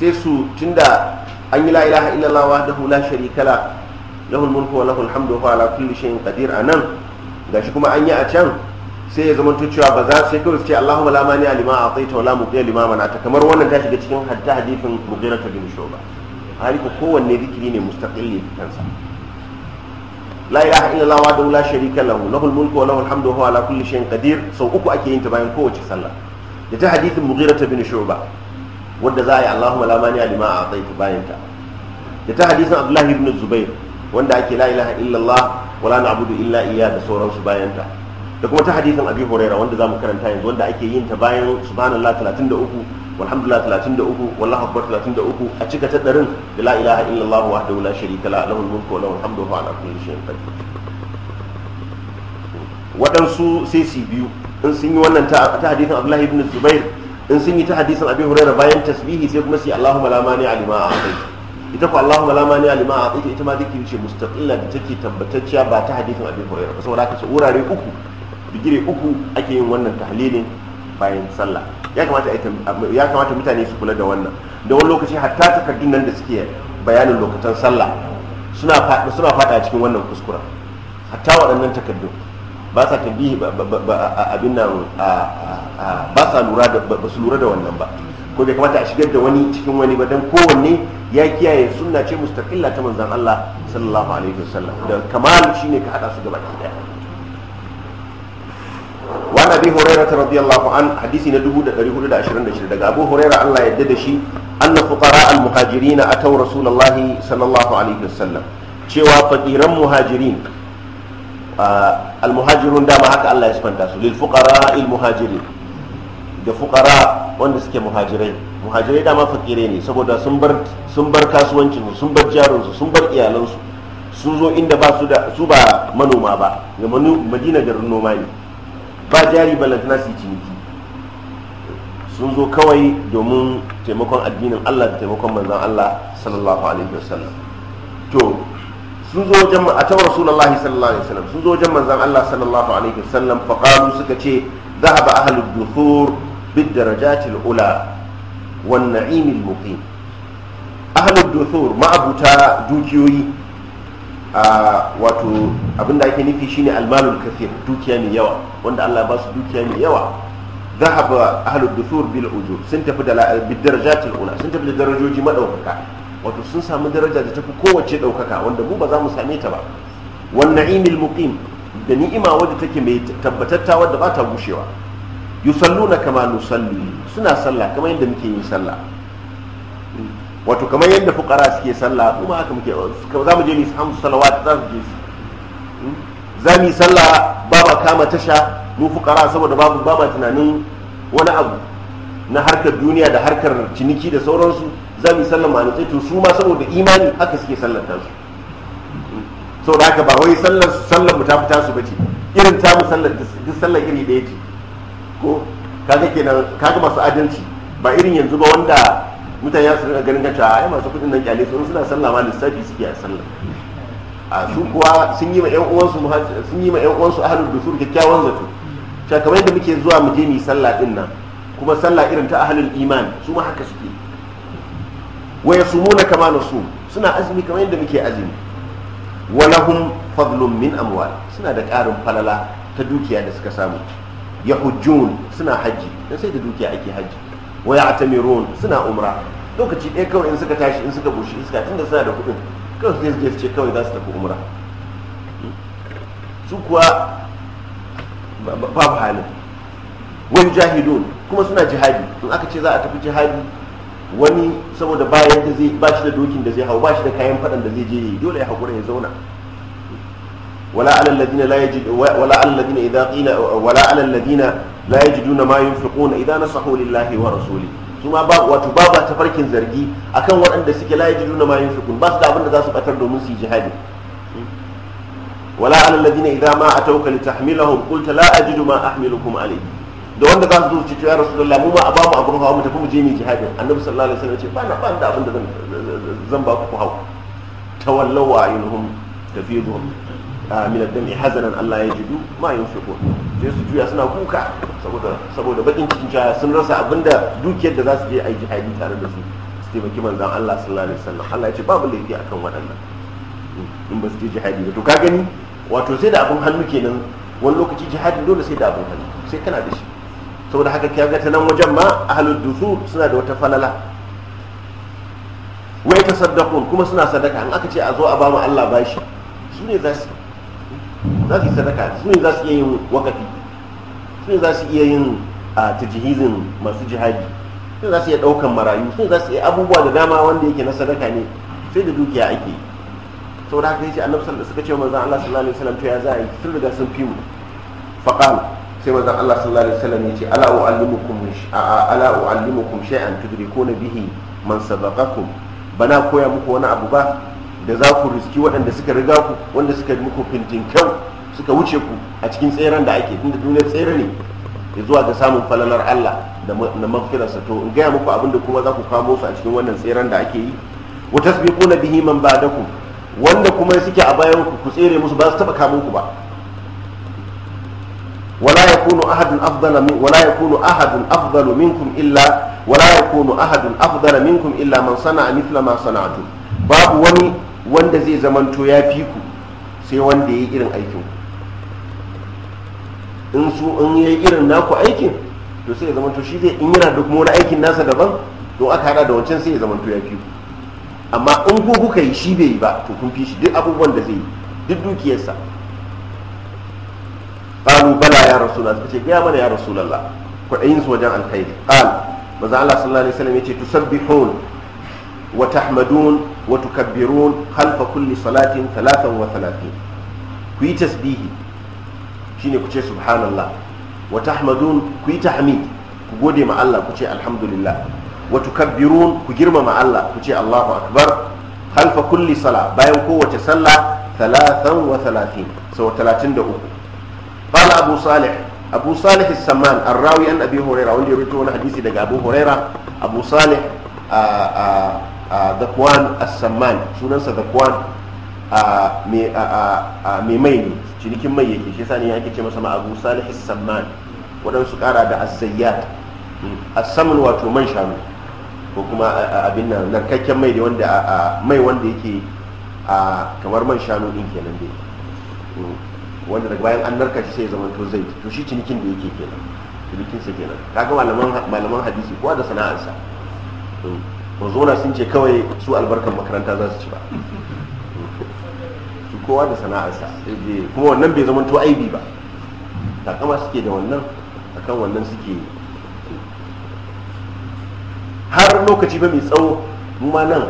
[SPEAKER 1] sai su tunda an yi la ilaha illallah wahdahu la sharika la lahul mulku wa lahul hamdu wa ala kulli shay'in qadir anan gashi kuma an yi a can sai ya zama cewa ba za sai kawai su ce Allahumma la mani alima ataita wala mubdi lima manata kamar wannan ta shiga cikin hatta hadithin Mughira bin Shuba hali ko kowanne zikiri ne mustaqilli kansa la ilaha illallah wa la sharika lahu lahul mulku wa lahul hamdu wa huwa ala kulli shay'in qadir sau uku ake yin ta bayan kowace sallah da ta hadithin Mughira bin Shuba wanda za a yi Allahumma la mani alima ataita bayan ta da ta hadisin Abdullah ibn Zubair wanda ake la ilaha illallah wala na'budu illa iya da sauransu bayan ta da kuma ta hadisin abi huraira wanda zamu karanta yanzu wanda ake yin ta bayan subhanallah 33 walhamdulillah 33 wallahu akbar 33 a cika ta darin da la ilaha illallah wahdahu la sharika la lahu mulku wa lahu alhamdu wa ala kulli shay'in qadir wadansu sai su biyu in sun yi wannan ta hadisin abdullahi ibn zubair in sun yi ta hadisin abi huraira bayan tasbihi sai kuma su yi allahumma la mani alima a ita ko allahumma la mani alima a ita ma zikiri ce mustaqilla da take tabbatacciya ba ta hadisin abi huraira saboda haka su wurare uku digire uku ake yin wannan tahlilin bayan sallah ya kamata ya kamata mutane su kula da wannan da wani lokaci hatta takardun nan da suke bayanin lokacin sallah suna faɗa suna cikin wannan kuskuren hatta waɗannan takardun ba sa tambihi abin nan ba sa lura da ba su lura da wannan ba ko bai kamata a shigar da wani cikin wani ba dan kowanne ya kiyaye sunna ce mustaqilla ta manzon Allah sallallahu alaihi wasallam da kamal shine ka hada su gaba ɗaya وعن ابي هريره رضي الله عنه abu huraira Allah ya da shi anna fuqara al muhajirin ataw rasulullahi cewa fakiran muhajirin al muhajirun da ma haka Allah ya sifanta su lil fuqara al muhajirin da fuqara wanda suke muhajirai muhajirai da ma ne saboda sun bar sun bar kasuwancin su sun bar jarun sun bar iyalan sun zo inda ba su da su ba manoma ba ga madina garin noma ne ba jari balantana su ciniki sun zo kawai domin taimakon addinin allah da taimakon manzan allah sallallahu alaihi wasallam to sun zo wajen a tawar rasulullahi sallallahu alaihi wasallam sun zo wajen manzan allah sallallahu alaihi wasallam faqalu suka ce ذهب أهل الدثور بالدرجات ula والنعيم المقيم أهل الدثور ما أبوتا dukiyoyi. wato abinda ake nufi shine almalul kafir dukiya mai yawa wanda Allah ba su dukiya mai yawa zahaba ahlud dusur bil ujur sun tafi da ula sun tafi da darajoji madaukaka wato sun samu daraja da tafi kowace daukaka wanda mu ba za mu same ta ba wan na'imil muqim da ni'ima wadda take mai tabbatatta wadda ba ta gushewa yusalluna kama nusalli suna sallah kamar yadda muke yin sallah wato kamar yadda fukara suke sallah kuma haka muke za mu je mu hamsu salawat za mu je hmm? za mu yi sallah ba ma kama tasha mu fukara saboda babu ba ma tunanin wani abu na harkar duniya da harkar ciniki da sauransu za mu yi sallah ma nutsai to su ma saboda imani haka suke sallar tasu hmm? saboda haka ba wai sallar sallar mu ta fita su bace irin ta mu sallar duk sallar iri daya ce ko kaga kenan kaga masu adalci ba irin yanzu ba wanda mutane su rika ganin kanta ai masu kudin nan kyale sun suna sallah ma lissafi suke a sallah a su kuwa sun yi ma yan uwansu sun yi ma yan uwansu ahlul dusur kyakkyawan zato ta kamar yadda muke zuwa mu je mu sallah din nan kuma sallah irin ta ahlul iman su ma haka suke wa yasumuna kama nasum suna azumi kamar yadda muke azumi wa lahum fadlun min amwal suna da karin falala ta dukiya da suka samu yahujjun suna hajji dan sai da dukiya ake hajji. wa ya'tamirun suna umra lokaci ɗaya kawai in suka tashi in suka bushi iska tunda suna da kuɗin kawai su sai su ce kawai za su tafi umra su kuwa babu halin wani jahidun kuma suna jihadi in aka ce za a tafi jihadi wani saboda bayan da zai ba shi da dokin da zai hau ba shi da kayan faɗan da zai je yi dole ya haƙura ya zauna wala alal ladina la yajid wala alal ladina. idha qila wala alal ladina la yajiduna ma yin yunfiquna idan nasahu lillahi wa rasuli su ma ba wato ba ba tafarkin zargi akan waɗanda suke la yi yajiduna ma yin yunfiqun ba su da abin da za su batar domin su yi jihadi wala ala alladhina idza ma atawka litahmilahum qulta la ajidu ma ahmilukum alayhi da wanda za su zo cikin ya rasulullah mu ma a bamu abin hawa mu tafi mu je mu jihadi annabi sallallahu alaihi wasallam ce ba na ba da abin da zan ba ku hau tawallaw wa ayunuhum min ad hazanan Allah ya jidu ma ko sai su juya suna kuka saboda saboda bakin cikin jaya sun rasa abinda dukiyar da za su je a yi tare da su su taimaki manzon Allah sallallahu alaihi wasallam Allah ya ce babu laifi akan waɗannan in ba su je jihadi ba to ka gani wato sai da abin hannu kenan wani lokaci jihadi dole sai da abin hannu sai kana da shi saboda haka kiyar ga ta nan wajen ma ahlud dusu suna da wata falala wai ta saddaqun kuma suna sadaka in aka ce a zo a ba mu Allah bashi su ne za su za su yi sadaka su ne za su iya yin wakafi su ne za su iya yin tajihizin masu jihadi su ne za su iya ɗaukan marayu su ne za su iya abubuwa da dama wanda yake na sadaka ne sai da dukiya ake yi sau da haka yace annabi sallallahu suka ce wa manzon Allah sallallahu alaihi wasallam to ya za a yi sun riga sun fi mu faqal sai manzon Allah sallallahu alaihi wasallam yace ala uallimukum ala uallimukum shay'an tudrikuna bihi man sabaqakum bana koya muku wani abu ba da za ku riski waɗanda suka riga ku wanda suka yi muku fintin kyau suka wuce ku a cikin tseren da ake tunda duniya tsere ne ya zuwa ga samun falalar Allah da magfirarsa to in gaya muku abinda kuma za ku kamo su a cikin wannan tseren da ake yi wa na bihi man ku wanda kuma suke a bayan ku ku tsere musu ba su taba kamo ku ba wala yakunu ahadun afdala ahadun afdalu minkum illa wala yakunu ahadun afdala minkum illa man sana'a mithla ma sana'tum babu wani wanda zai zamanto ya fi ku sai wanda ya yi irin aikin in su in ya yi irin naku aikin to sai ya zamanto shi zai in yana da kuma wani aikin nasa daban don aka hada da wancan sai ya zamanto ya fi ku amma in ku kuka yi shi bai yi ba to kun fi shi duk abubuwan da zai yi duk dukiyarsa Ƙalu bala ya rasulullah suka ce gaya mana ya rasulullah kwaɗayin su wajen alkhairi qal maza Allah sallallahu alaihi wasallam yace hon. وتحمدون وتكبرون خلف كل صلاة ثلاثا وثلاثين كي تسبيه شيني كتشي سبحان الله وتحمدون كي تحميد كبودي مع الله كتشي الحمد لله وتكبرون كجرم مع الله كتشي الله أكبر خلف كل صلاة باين قوة صلاة ثلاثا وثلاثين سوى ثلاثين دقوق قال أبو صالح أبو صالح السمان الراوي عن أبي هريرة وندي يريدون حديثي دقى أبو هريرة أبو صالح آآ آآ da kwan samman sunansa kwan mai mai ne cinikin mai yake shi sani yake ce masa ma'abu salih as-samman waɗansu ƙara da asayyar zayyat hmm. wato man shanu ko kuma abin nan narkakken mai wanda mai wanda yake kamar man shanu din kenan dai hmm. wanda daga bayan an narka shi sai zama to zai to shi cinikin da yake kenan cinikin sa kenan kaga malaman malaman hadisi kowa da sana'arsa hmm. ba sun ce kawai su albarkan makaranta za su ci ba su kowa da sana'arsa kuma wannan bai zama to aibi ba takama suke da wannan akan wannan suke har lokaci ba mai tsawo mu ma nan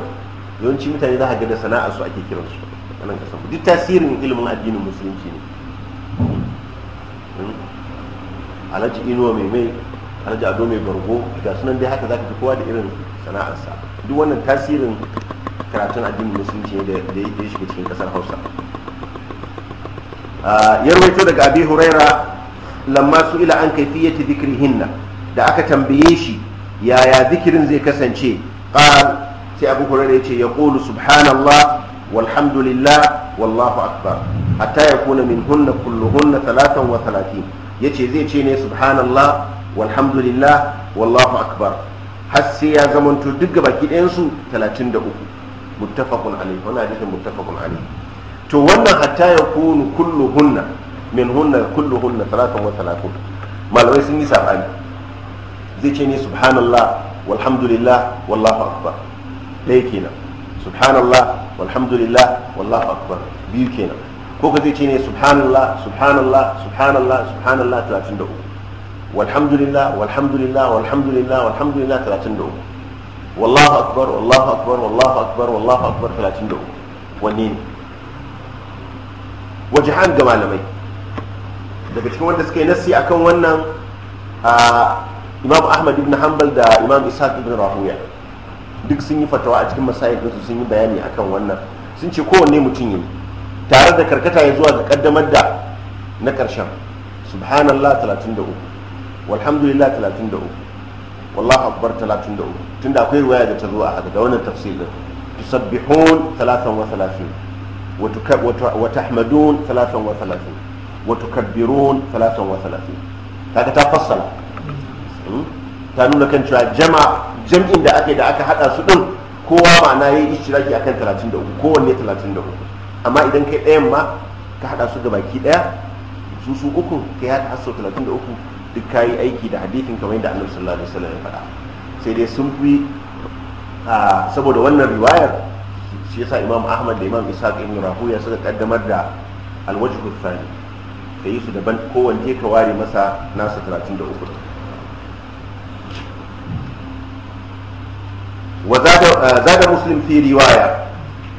[SPEAKER 1] yawanci mutane za a ga da sana'ar su ake kiransu a nan kasan duk tasirin ilimin addinin musulunci ne alhaji inuwa mai mai alhaji ado mai bargo ga sunan dai haka zaka fi kowa da irin sana'arsa duk wannan tasirin karatun addinin musulunci ne da ya shiga cikin kasar hausa ah, ya rawaito daga abi huraira lamma su ila an kaifiyati hinna da aka tambaye shi yaya zikirin zai kasance qal sai abu huraira yace yaqulu subhanallah walhamdulillah wallahu akbar hatta yakuna minhunna kulluhunna 33 yace zai ce ne subhanallah walhamdulillah wallahu akbar har sai ya zamanto duk gaba ɗayansu 33 muttafaqun alayhi wannan hadisin muttafaqun alayhi to wannan hatta ya kunu kulluhunna min hunna kulluhunna 33 malamai sun yi sabani zai ce ne subhanallah walhamdulillah wallahu akbar ɗaya kenan subhanallah walhamdulillah wallahu akbar biyu kenan ko ka zai ce ne subhanallah subhanallah subhanallah subhanallah 33 walhamdulillah walhamdulillah walhamdulillah walhamdulillah 33 wallahu akbar wallahu akbar wallahu akbar wallahu akbar 33 wanne ne wajahan ga malamai daga cikin wanda suka yi nasi akan wannan a imam ahmad ibn hanbal da imam isaac ibn rahuya duk sun yi fatawa a cikin masayar su sun yi bayani akan wannan sun ce kowanne mutum yi tare da karkata ya zuwa ga kaddamar da na ƙarshen subhanallah 33 walhamdulillah 33 wallahu akbar tun tunda akwai riwaya da ta zo a haka da wannan tafsirin tusabbihun talatin wa tahmadun 33 wa tukabbirun 33 kaga ta fassala hmm? ta nuna kan cewa jama jam'in da ake da aka hada su din kowa ma'ana yayi ishtiraki akan 33 kowanne 33 amma idan kai ɗayan ma ka hada su ga baki ɗaya su su uku kai hada har sau 33 duk kayi aiki da hadithin kamar yadda annabi sallallahu alaihi wasallam ya faɗa sai dai sun fi saboda wannan riwayar shi yasa imam ahmad da imam ishaq ibn rahuya suka kaddamar da al thani ka yi su daban kowanne ka ware masa nasa 33 wa zada muslim fi riwaya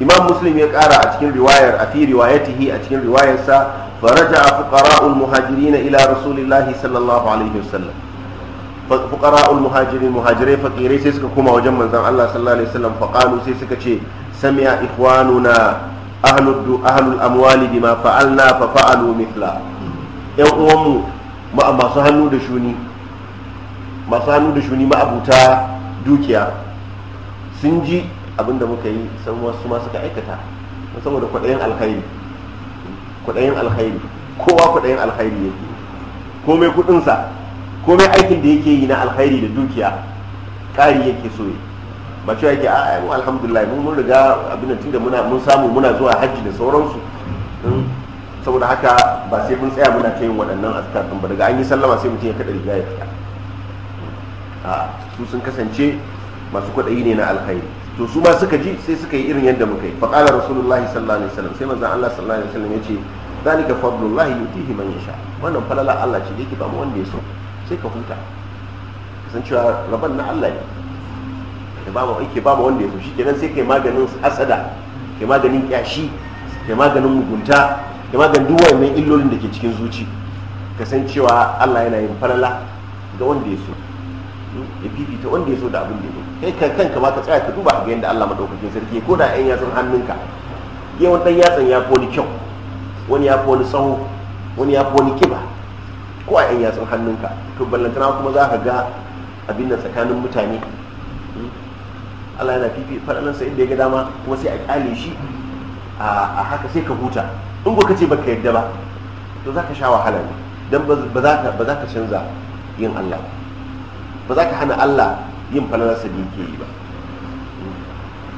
[SPEAKER 1] imam muslim ya kara a cikin riwayar a fi riwayatihi a cikin riwayarsa فرجع فقراء المهاجرين إلى رسول الله صلى الله عليه وسلم فقراء المهاجرين مهاجرين فقيري سيسك كما وجم من الله صلى الله عليه وسلم فقالوا سيسك شيء سمع إخواننا أهل, أهل الأموال بما فعلنا ففعلوا مثلا يوم ما ما سهلوا دشوني ما سهلوا دشوني ما أبوتا دوكيا سنجي abinda muka yi san wasu ma suka aikata saboda kwaɗayin alkhairi kwaɗayin alkhairi kowa kwaɗayin alkhairi yake komai kuɗinsa komai aikin da yake yi na alkhairi da dukiya ƙari yake so yi ba cewa yake a mu alhamdulillah mun mun riga abin tun da muna mun samu muna zuwa hajji da sauransu hmm, saboda haka ba sai mun tsaya muna ta yin waɗannan askar ɗin ba daga an yi sallama sai mutum ya kaɗa riga ya fita a su sun kasance masu kwaɗayi ne na alkhairi to su ma suka ji sai suka yi irin yadda muka yi faƙalar rasulullahi sallallahu alaihi wasallam sai manzon Allah sallallahu alaihi wasallam ya ce zalika fadlullahi yutihi man yasha wannan falala Allah ce yake ba mu wanda ya so sai ka huta san cewa rabon na Allah ne ke ba mu ke ba mu wanda ya so kenan sai kai maganin asada kai maganin kyashi kai maganin mugunta kai maganin duk wannan illolin da ke cikin zuci ka san cewa Allah yana yin falala ga wanda ya so ya fifita wanda ya so da abin da ya kai kanka ba ka tsaya ka duba ga yadda Allah madaukakin sarki ko da ɗan yatsun hannunka yawan ɗan yatsan ya koli kyau wani ya fi wani tsawo wani ya fi wani kiba ko a yan yatsun hannunka to ballantana kuma za ka ga abin da tsakanin mutane hmm? Allah yana fifi faɗanan sa inda ya ga dama kuma sai a ƙyale shi a haka sai ka huta in ka ce baka yadda ba to za ka sha wahala ne don ba za ka canza yin Allah ba za ka hana Allah yin faɗanansa da yake yi ba hmm?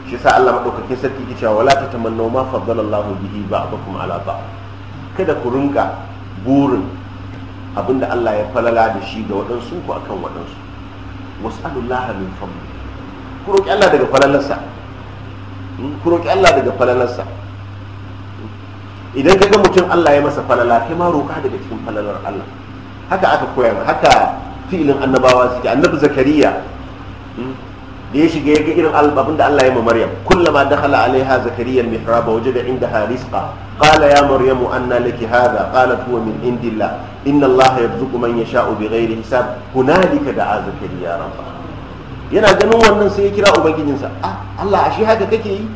[SPEAKER 1] shi sa Allah maɗaukakin sarki ke cewa wala ta tamanna ma faddala Allah bihi ba'dakum ala ba'd kada ku rinka burin abinda Allah ya falala da shi ga waɗansu ku akan waɗansu wasu min fadli ku roki Allah daga falalarsa hmm? ku roki Allah daga falalarsa idan kaga mutum Allah ya masa falala kai ma roƙa daga cikin falalar Allah haka aka koya haka fi'ilin annabawa suke annabi zakariya da ya shiga ya ga irin albabin da Allah ya ma Maryam kullama dakhala alaiha zakariya al-mihrab wajada indaha rizqa qala ya maryamu anna laki hadha qalat huwa min indillah inna Allah yarzuqu man yasha'u bighairi hisab hunalika da'a zakariya rabbah yana ganin wannan sai ya kira sa ah Allah ashe haka kake yi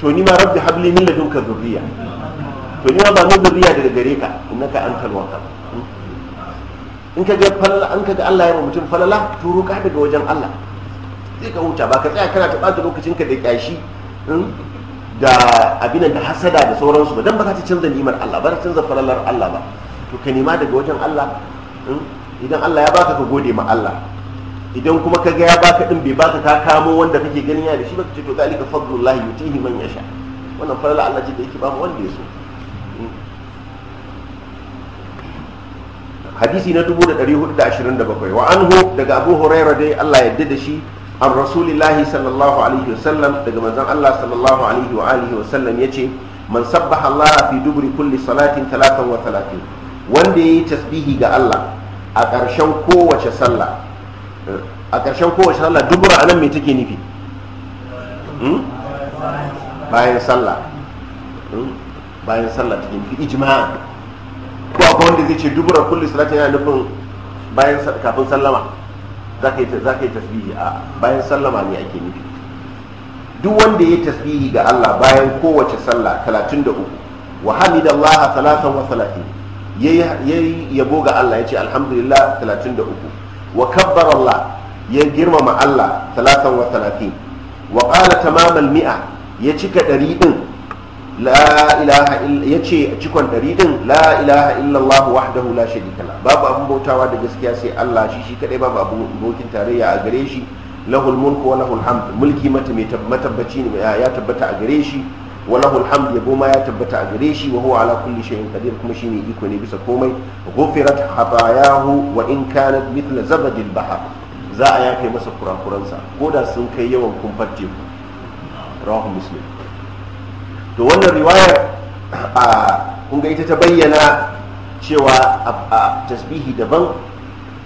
[SPEAKER 1] to ni ma rabbi habli min ladunka dhurriya to ni ma ba mu dhurriya daga gare ka innaka antal wahhab hmm? in ka ga falala an ka ga Allah ya mutum falala turo ka daga wajen Allah zai ka huta ba ka tsaya kana ta ɓata lokacinka da kyashi hmm, da abinan da hasada da sauransu ba dan ba za ta canza nimar Allah ba za ta canza falalar Allah ba to ka nema daga wajen Allah hmm, idan Allah ya baka ka gode ma Allah idan kuma ka ga ya baka din bai baka ka kamo wanda kake ganin ya da shi ba ka ce to zalika fadlullahi yutihi man yasha wannan falalar Allah ce da yake ba mu wanda ya so
[SPEAKER 2] hmm.
[SPEAKER 1] hadisi na 1427 wa anhu daga Abu Hurairah dai Allah ya yarda da shi an rasulillahi sallallahu alaihi wa sallam daga manzon Allah sallallahu alaihi wa alihi wasallam yace man sabbaha Allah fi dubri kulli salatin 33 wanda yayi tasbihi ga Allah a ƙarshen kowace sallah a ƙarshen kowace sallah dubura anan me take nufi hmm? bayan sallah hmm? bayan sallah take nufi ijma'a ko akwai wanda zai ce dubura kulli salatin yana nufin bayan kafin sallama zaka yi tasbihi a bayan sallama ne ake nufi duk wanda ya tasbihi ga Allah bayan kowace sallah 33 wa hamidallaha ya yayi yabo ga Allah ce alhamdulillah 33 wa kabbara Allah ya girmama Allah 33 wa qala tamamal mi'a ya cika ɗari ɗin. ya ce cikon ɗari ɗin la ilaha illallah wahdahu la sharika la babu abun bautawa da gaskiya sai Allah shi shi kadai babu abokin tarayya a gare shi lahul mulku wa lahul hamd mulki mata mai matabbaci ya tabbata a gare shi wa lahul hamd yabo ma ya tabbata a gare shi wa huwa ala kulli shay'in qadir kuma shine iko ne bisa komai ghufirat habayahu wa in kanat mithla zabadil bahar za a yafe masa kurakuransa ko da sun kai yawan kumfar teku rawahu muslim to wannan riwayar a kunga ita ta bayyana cewa a tasbihi daban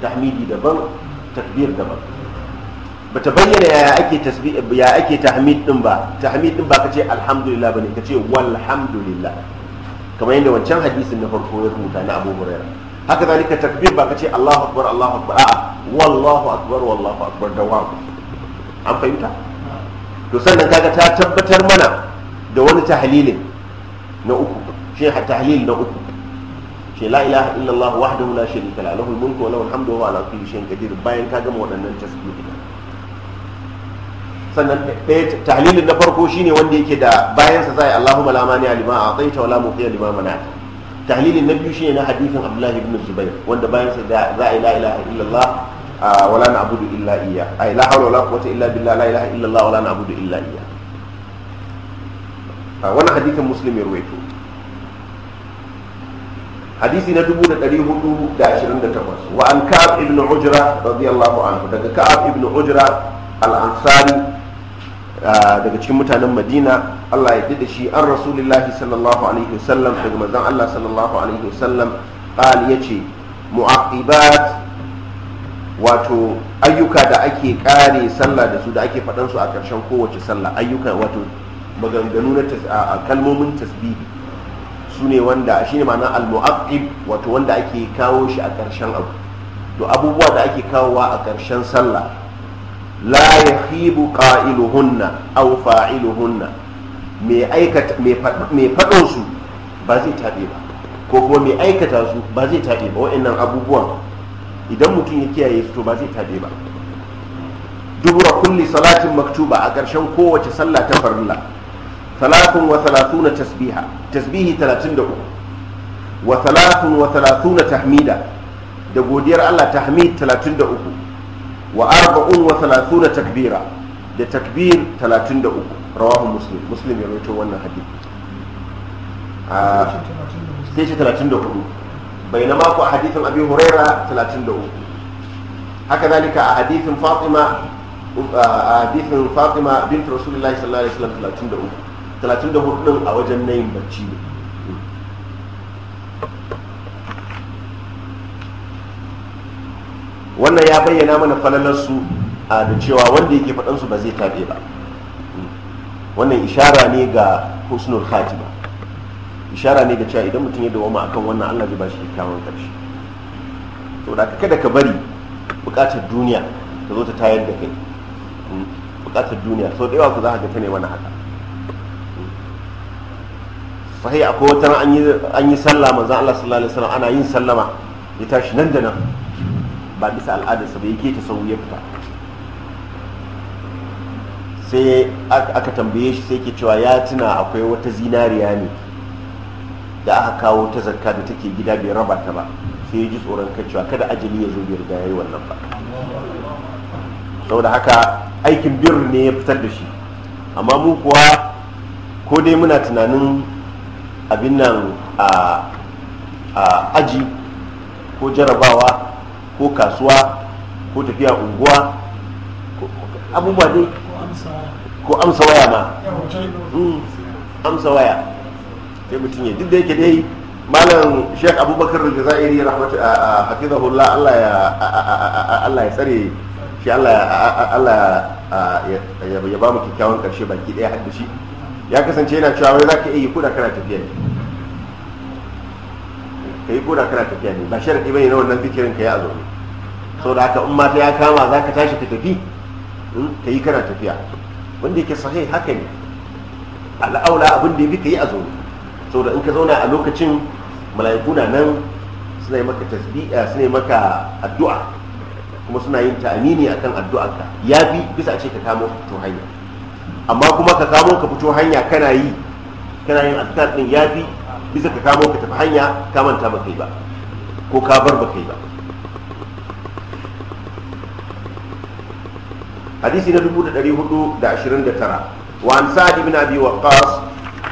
[SPEAKER 1] tahmidi daban takbir daban ba ta bayyana yaya ake ya ake tahmid din ba tahmid din ba ka ce alhamdulillah bane ka ce walhamdulillah kamar yadda wancan hadisin na farko ya rubuta na Abu Hurairah haka zalika takbir ba ka ce Allahu akbar Allahu akbar a'a wallahu akbar wallahu akbar da wa an fahimta to sannan kaga ta tabbatar mana da wani tahlilin na uku shi tahlil na uku shi la ilaha illallah wahdahu la sharika la lahul mulku wa lahul hamdu wa ala kulli shay'in qadir bayan ka gama waɗannan tasbihi sannan tahlilin na farko shine wanda yake da bayan sa zai Allahumma la mani alima a'taita wa la muqiya lima mana'at tahlilin na biyu shine na hadithin Abdullah ibn Zubair wanda bayan sa zai la ilaha illallah wa la na'budu illa iyyah ay la hawla wa la quwwata illa billah la ilaha illallah wa la na'budu illa iyyah a ah, wannan hadisin muslim ya ruwaito hadisi na 428 wa an ka'ab ibn ujra radiyallahu anhu daga ka'ab ibn ujra al-ansari ah, daga cikin mutanen madina allah ya da shi an rasulillahi sallallahu alaihi wasallam daga manzon allah sallallahu alaihi wasallam qal yace mu'aqibat wato ayyuka da ake kare sallah da su da ake faɗan su a ƙarshen kowace sallah ayyuka wato maganganu na kalmomin tasbihi su ne wanda shi ne ma'ana al-mu'aqqib wato wanda ake kawo shi a ƙarshen abu to abubuwa da ake kawowa a ƙarshen sallah la yahibu qa'iluhunna aw fa'iluhunna mai aikata me fado su ba zai taɓe ba ko kuma mai aikata su ba zai taɓe ba wa'annan abubuwan idan mutum ya kiyaye su to ba zai taɓe ba dubura kulli salatin maktuba a ƙarshen kowace sallah ta farilla salatun wa salatuna tasbiha tasbihi 33 wa salatun wa salatuna tahmida da godiyar Allah tahmid 33 wa arba'un wa salatuna takbira da takbir 33 rawahu muslim muslim ya rawaito wannan hadisi a ah, sai ce 34 bainama ku a hadisin abi huraira 33 haka zalika a hadisin fatima um, a hadisin fatima bint rasulullahi sallallahu talatin da hudu a wajen na yin bacci ne wannan ya bayyana mana falalarsu a da cewa wanda yake faɗansu ba zai taɓe ba wannan ishara ne ga husnul khatima ishara ne ga cewa idan mutum ya dawoma akan wannan allah zai ba shi kyakkyawan ƙarshe to da kada ka bari buƙatar duniya ta zo ta tayar da kai hmm, buƙatar duniya sau da yawa ku za ka ga ta ne wani haka sahih akwai wata an yi an yi sallah manzo Allah sallallahu alaihi wasallam ana yin sallama ya tashi nan da nan ba bisa al'adarsa ba yake ta sau ya fita sai aka tambaye shi sai ke cewa ya tuna akwai wata zinariya ne da aka kawo ta zakka da take gida bai raba ta ba sai ya ji tsoron kan cewa kada ajali ya zo bai riga yayi wannan ba saboda haka aikin bir ne ya fitar da shi amma mu kuwa ko dai muna tunanin abin nan a aji ko jarabawa ko kasuwa ko tafiya unguwa abubuwa dai ko amsa waya ma mm, amsa waya sai mutum ya duk da yake dai malam sheikh abubakar da za'iri rahmatu a hafizahullah allah ya allah ya tsare shi allah ya ba mu kyakkyawan karshe baki daya haddashi ya kasance yana cewa wai za ka iya yi kuda kana tafiya ne ka yi koda kana tafiya ne ba sharaɗi bane na wannan zikirin ka yi a zaune sau da haka in ta ya kama za ka tashi ka tafi hmm, ka yi kana tafiya wanda yake sahi haka ne al'aula abin da ya fi ka yi a zaune sau da in ka zauna a lokacin mala'iku na nan suna yi maka tasbi'a eh, suna yi maka addu'a kuma suna yin ta'amini akan addu'arka ya bi bisa a ce ka kamo to hanya amma kuma ka kamo ka fito hanya kana yi kana yin azkar din yafi bisa ka kamo ka tafi hanya ka manta ba kai ba ko ka bar ba kai ba hadisi na 429 wa an sa'ad ibn abi waqqas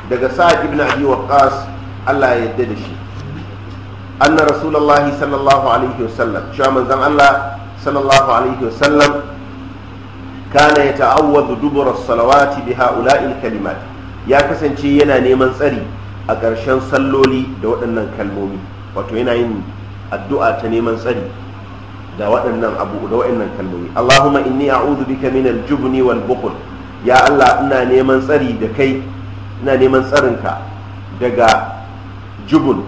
[SPEAKER 1] daga sa'ad ibn abi waqqas Allah ya yarda da shi anna rasulullahi sallallahu alaihi wasallam shi manzon Allah sallallahu alaihi wasallam kana ya ta'awwadu dubura salawati bi ha'ula'il kalimat ya kasance yana neman tsari a ƙarshen salloli da waɗannan kalmomi wato yana yin addu'a ta neman tsari da waɗannan abu da waɗannan kalmomi Allahumma inni a'udhu bika min al-jubni wal bukhl ya Allah ina neman tsari da kai ina neman tsarinka daga jubun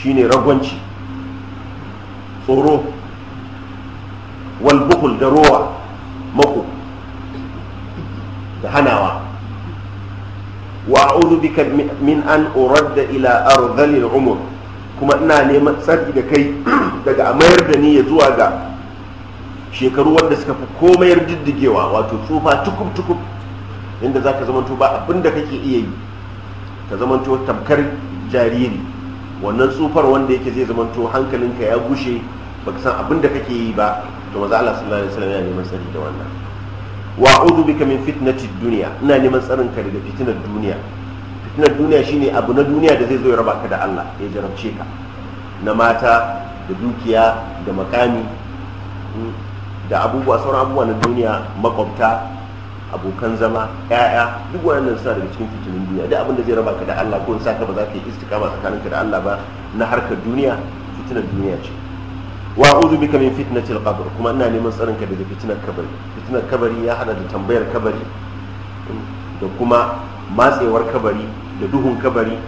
[SPEAKER 1] shine ragwanci tsoro wal bukhl da rowa mako da hanawa wa a'udhu bika min an da ila ardhil umur kuma ina neman tsari da kai [clears throat] daga a mayar da ni ya zuwa ga shekaru wanda suka fi komayar diddigewa wato tsufa tukub tukub inda zaka zamanto ba abin da kake iya yi ka zamanto tamkar jariri wannan tsufar wanda yake zai zamanto hankalinka ya gushe baka san abin da kake yi ba to maza Allah sallallahu alaihi wasallam ya neman tsari da wannan wa a'udhu bika min fitnatid dunya ina neman tsarin ka daga fitinar duniya fitinar duniya shine abu na duniya da zai zo ya raba ka da Allah ya jarabce ka na mata da dukiya da makami hmm, da abubuwa sauran abubuwa na duniya makwabta abokan zama ƴaƴa duk wannan suna daga cikin fitinin duniya duk abin da zai raba ka da Allah ko in saka ba za ka yi istikama tsakaninka da Allah ba na harkar duniya fitinar duniya ce wa uzu bika min fitnatil qabr kuma ina neman tsarin ka daga fitnar kabari fitnar kabari ya hada da tambayar kabari da kuma matsewar kabari da duhun kabari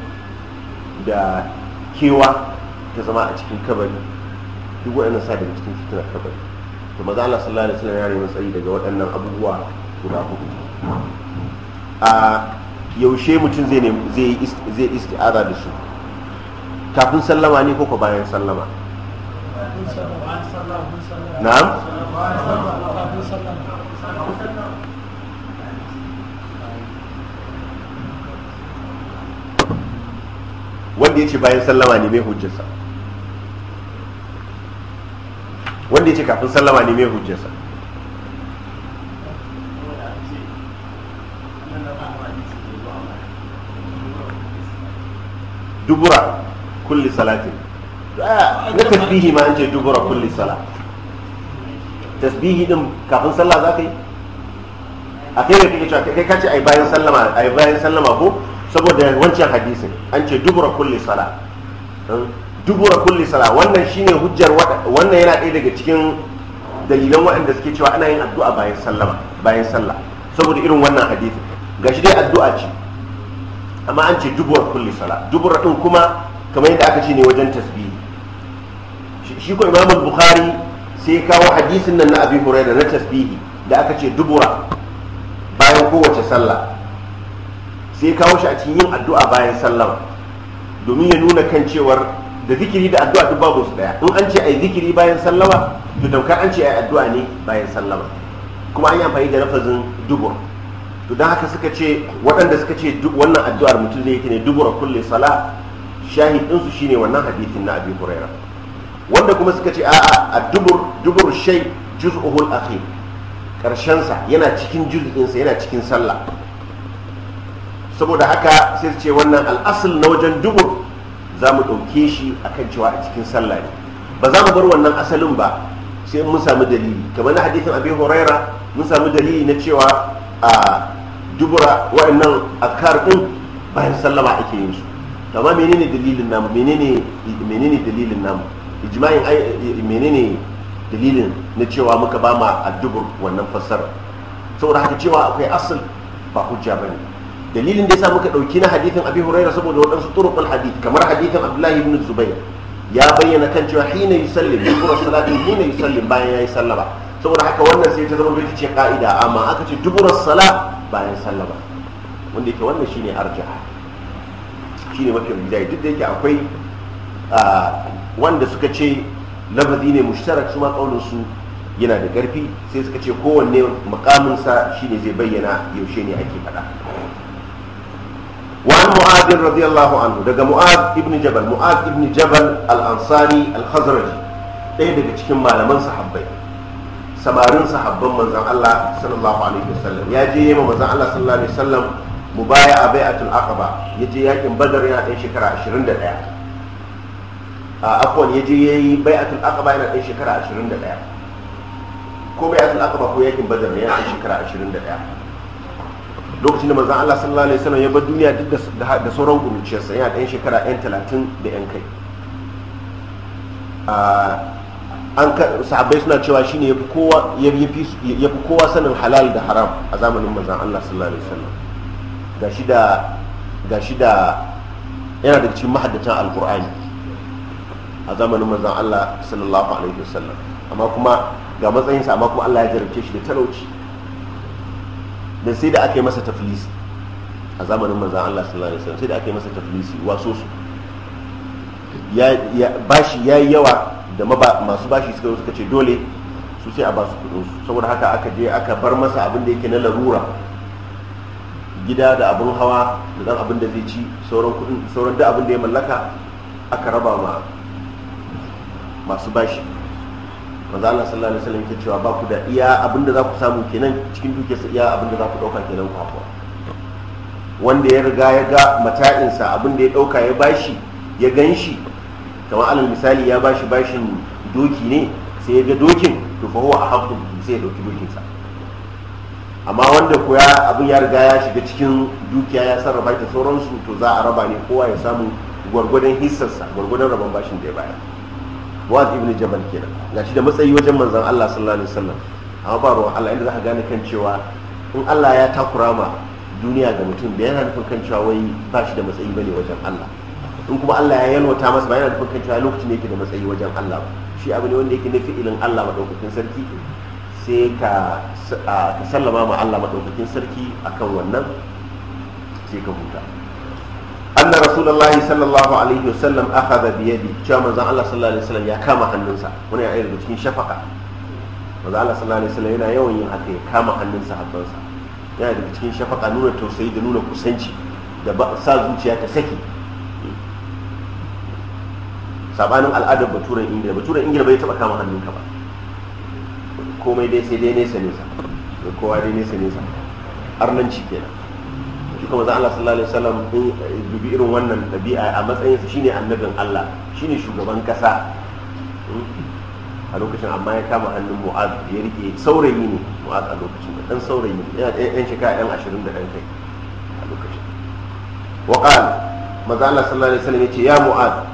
[SPEAKER 1] da kewa ta zama a cikin kabari duk waɗannan sa daga cikin fitnar kabari to maza Allah sallallahu alaihi wasallam ya neman tsari daga waɗannan abubuwa guda hudu a yaushe mutum zai zai isti'aza da su kafin sallama ne ko bayan sallama نعم wanda ya ce bayan sallama ne mai hujjarsa wanda ya ce kafin sallama ne mai hujjarsa dubura kulli salatin na tasbihi ma an ce dubura kulli sala tasbihi din kafin sallah za ka yi a kai ne kake cewa kai ka ce ai bayan sallama ai bayan sallama ko saboda wancan hadisin an ce dubura kulli sala hmm? dubura kulli sala wannan shine hujjar wannan yana ɗaya daga cikin dalilan waɗanda suke cewa ana yin addu'a bayan sallama bayan sallah saboda irin wannan hadisin gashi dai addu'a ce amma an ce dubura kulli sala dubura din kuma kamar yadda aka ce ne wajen tasbihi. shi ko imam bukhari sai ya kawo hadisin nan na abi hurairah na tasbihi da aka ce dubura bayan kowace sallah sai ya kawo shi a cikin yin addu'a bayan sallah domin ya nuna kan cewar da zikiri da addu'a duk babu su daya in an ce ai zikiri bayan sallama to tamkar an ce ai addu'a ne bayan sallama kuma an yi amfani da lafazin dubur to don haka suka ce waɗanda suka ce wannan addu'ar mutum zai yi ne dubura kulle sala shahid ɗinsu shine wannan hadisin na abi hurairah wanda kuma suka ce a'a a dubur dubur shay juz'uhul akhir karshen sa yana cikin juz'in sa yana cikin sallah saboda haka sai ce wannan al'asul na wajen dubur za mu ɗauke shi a kan cewa a cikin sallah ne ba za mu bar wannan asalin ba sai mun samu dalili kamar na hadithin abin horaira mun samu dalili na cewa a dubura wa'annan azkar din bayan sallama ake yin su amma menene dalilin namu menene dalilin namu ijma'in menene dalilin na cewa muka ba ma addubur wannan fassara saboda haka cewa akwai asal ba hujja bane dalilin da ya sa muka ɗauki na hadithin abi huraira saboda waɗansu turuqul hadith kamar hadithin abdullahi ibn zubair ya bayyana kan cewa hina yusallim kuma salati hina sallin bayan ya yi sallaba saboda haka wannan sai ta zama ita ce ka'ida amma aka ce dubura sala bayan sallaba wanda yake wannan shine arja'a shine mafi rinjaye duk da yake akwai ah, wanda suka ce lafazi ne mushtarak su ma su yana da ƙarfi sai suka ce kowanne makaminsa shine zai bayyana yaushe ne ake faɗa وعن معاذ رضي daga mu'ad دقى معاذ mu'ad جبل معاذ al جبل al الخزرجي ɗaya daga cikin malaman sahabbai samarin sahabban manzan Allah sallallahu alaihi wasallam ya je yema manzan Allah sallallahu alaihi wasallam mubaya a bai'atul aqaba ya je yakin badar yana ɗan shekara ɗaya. afwan ya je ya yi bai'atul aqaba yana ɗan shekara ashirin da ɗaya ko bai'atul aqaba ko yakin badar ne yana ɗan shekara ashirin da ɗaya lokacin da manzon Allah sallallahu alaihi wasallam ya bar duniya duk da sauran gumuciyarsa yana ɗan shekara ɗan talatin da ɗan kai an sahabbai suna cewa shine yafi kowa yafi kowa sanin halal da haram a zamanin manzon Allah sallallahu alaihi wasallam gashi da gashi da yana daga cikin mahaddatan alqur'ani a zamanin manzon Allah sallallahu alaihi wasallam amma kuma ga matsayinsa amma kuma Allah ya jarabce shi da talauci dan sai da aka yi masa tafilisi a zamanin manzon Allah sallallahu alaihi wasallam sai da aka yi masa tafilisi waso su ya bashi yayi yawa da masu bashi suka suka ce dole su sai a ba su kudin su saboda haka aka je aka bar masa abin da yake na larura gida da abin hawa da dan abin da zai ci sauran kudin sauran da abin da ya mallaka aka raba ma masu bashi manzo Allah sallallahu alaihi wasallam yake cewa ba ku da iya abinda za ku samu kenan cikin dukiyarsa iya abinda za ku dauka kenan ku hakuwa wanda ya riga ya ga mata'insa abinda ya dauka ya bashi ya ganshi kamar alal misali ya bashi bashin doki ne sai ya ga dokin to fa huwa ahqqu sai ya dauki dokin sa amma wanda ko ya abin ya riga ya shiga cikin dukiya ya sarrafa ta sauransu to za a raba ne kowa ya samu gwargwadon hissarsa gwargwadon rabon bashin da ya bayar mu'az ibn jabal kenan gashi da matsayi wajen manzon Allah sallallahu alaihi wasallam amma ba ruwan Allah inda zaka gane kan cewa in Allah ya takura ma duniya ga mutum bai yana nufin kan cewa wai ba shi da matsayi bane wajen Allah in kuma Allah ya yalwata masa ba yana nufin kan cewa lokacin yake da matsayi wajen Allah shi abu ne wanda yake nufi ilin Allah madaukakin sarki sai ka sallama ma Allah madaukakin sarki akan wannan sai ka huta anna rasulullahi sallallahu alaihi wasallam akhadha bi yadi cewa manzon Allah sallallahu alaihi wasallam ya kama hannunsa wani ya daga cikin shafaka manzon Allah sallallahu alaihi wasallam yana yawan yin haka ya kama hannunsa hannunsa. yana daga cikin shafaka nuna tausayi da nuna kusanci da sa zuciya ta saki sabanin al'adar baturen ingila baturen ingila bai taba kama hannunka ba komai dai sai dai nesa nesa kowa dai nesa nesa arnanci kenan shi kuma Allah sallallahu alaihi wasallam dubi irin wannan ɗabi'a a matsayinsa shine annabin Allah shine shugaban kasa a lokacin amma ya kama hannun mu'az ya rike saurayi ne mu'az a lokacin da dan saurayi ne yan shekara yan ashirin da kai a lokacin maza Allah sallallahu alaihi wasallam ya ce ya mu'az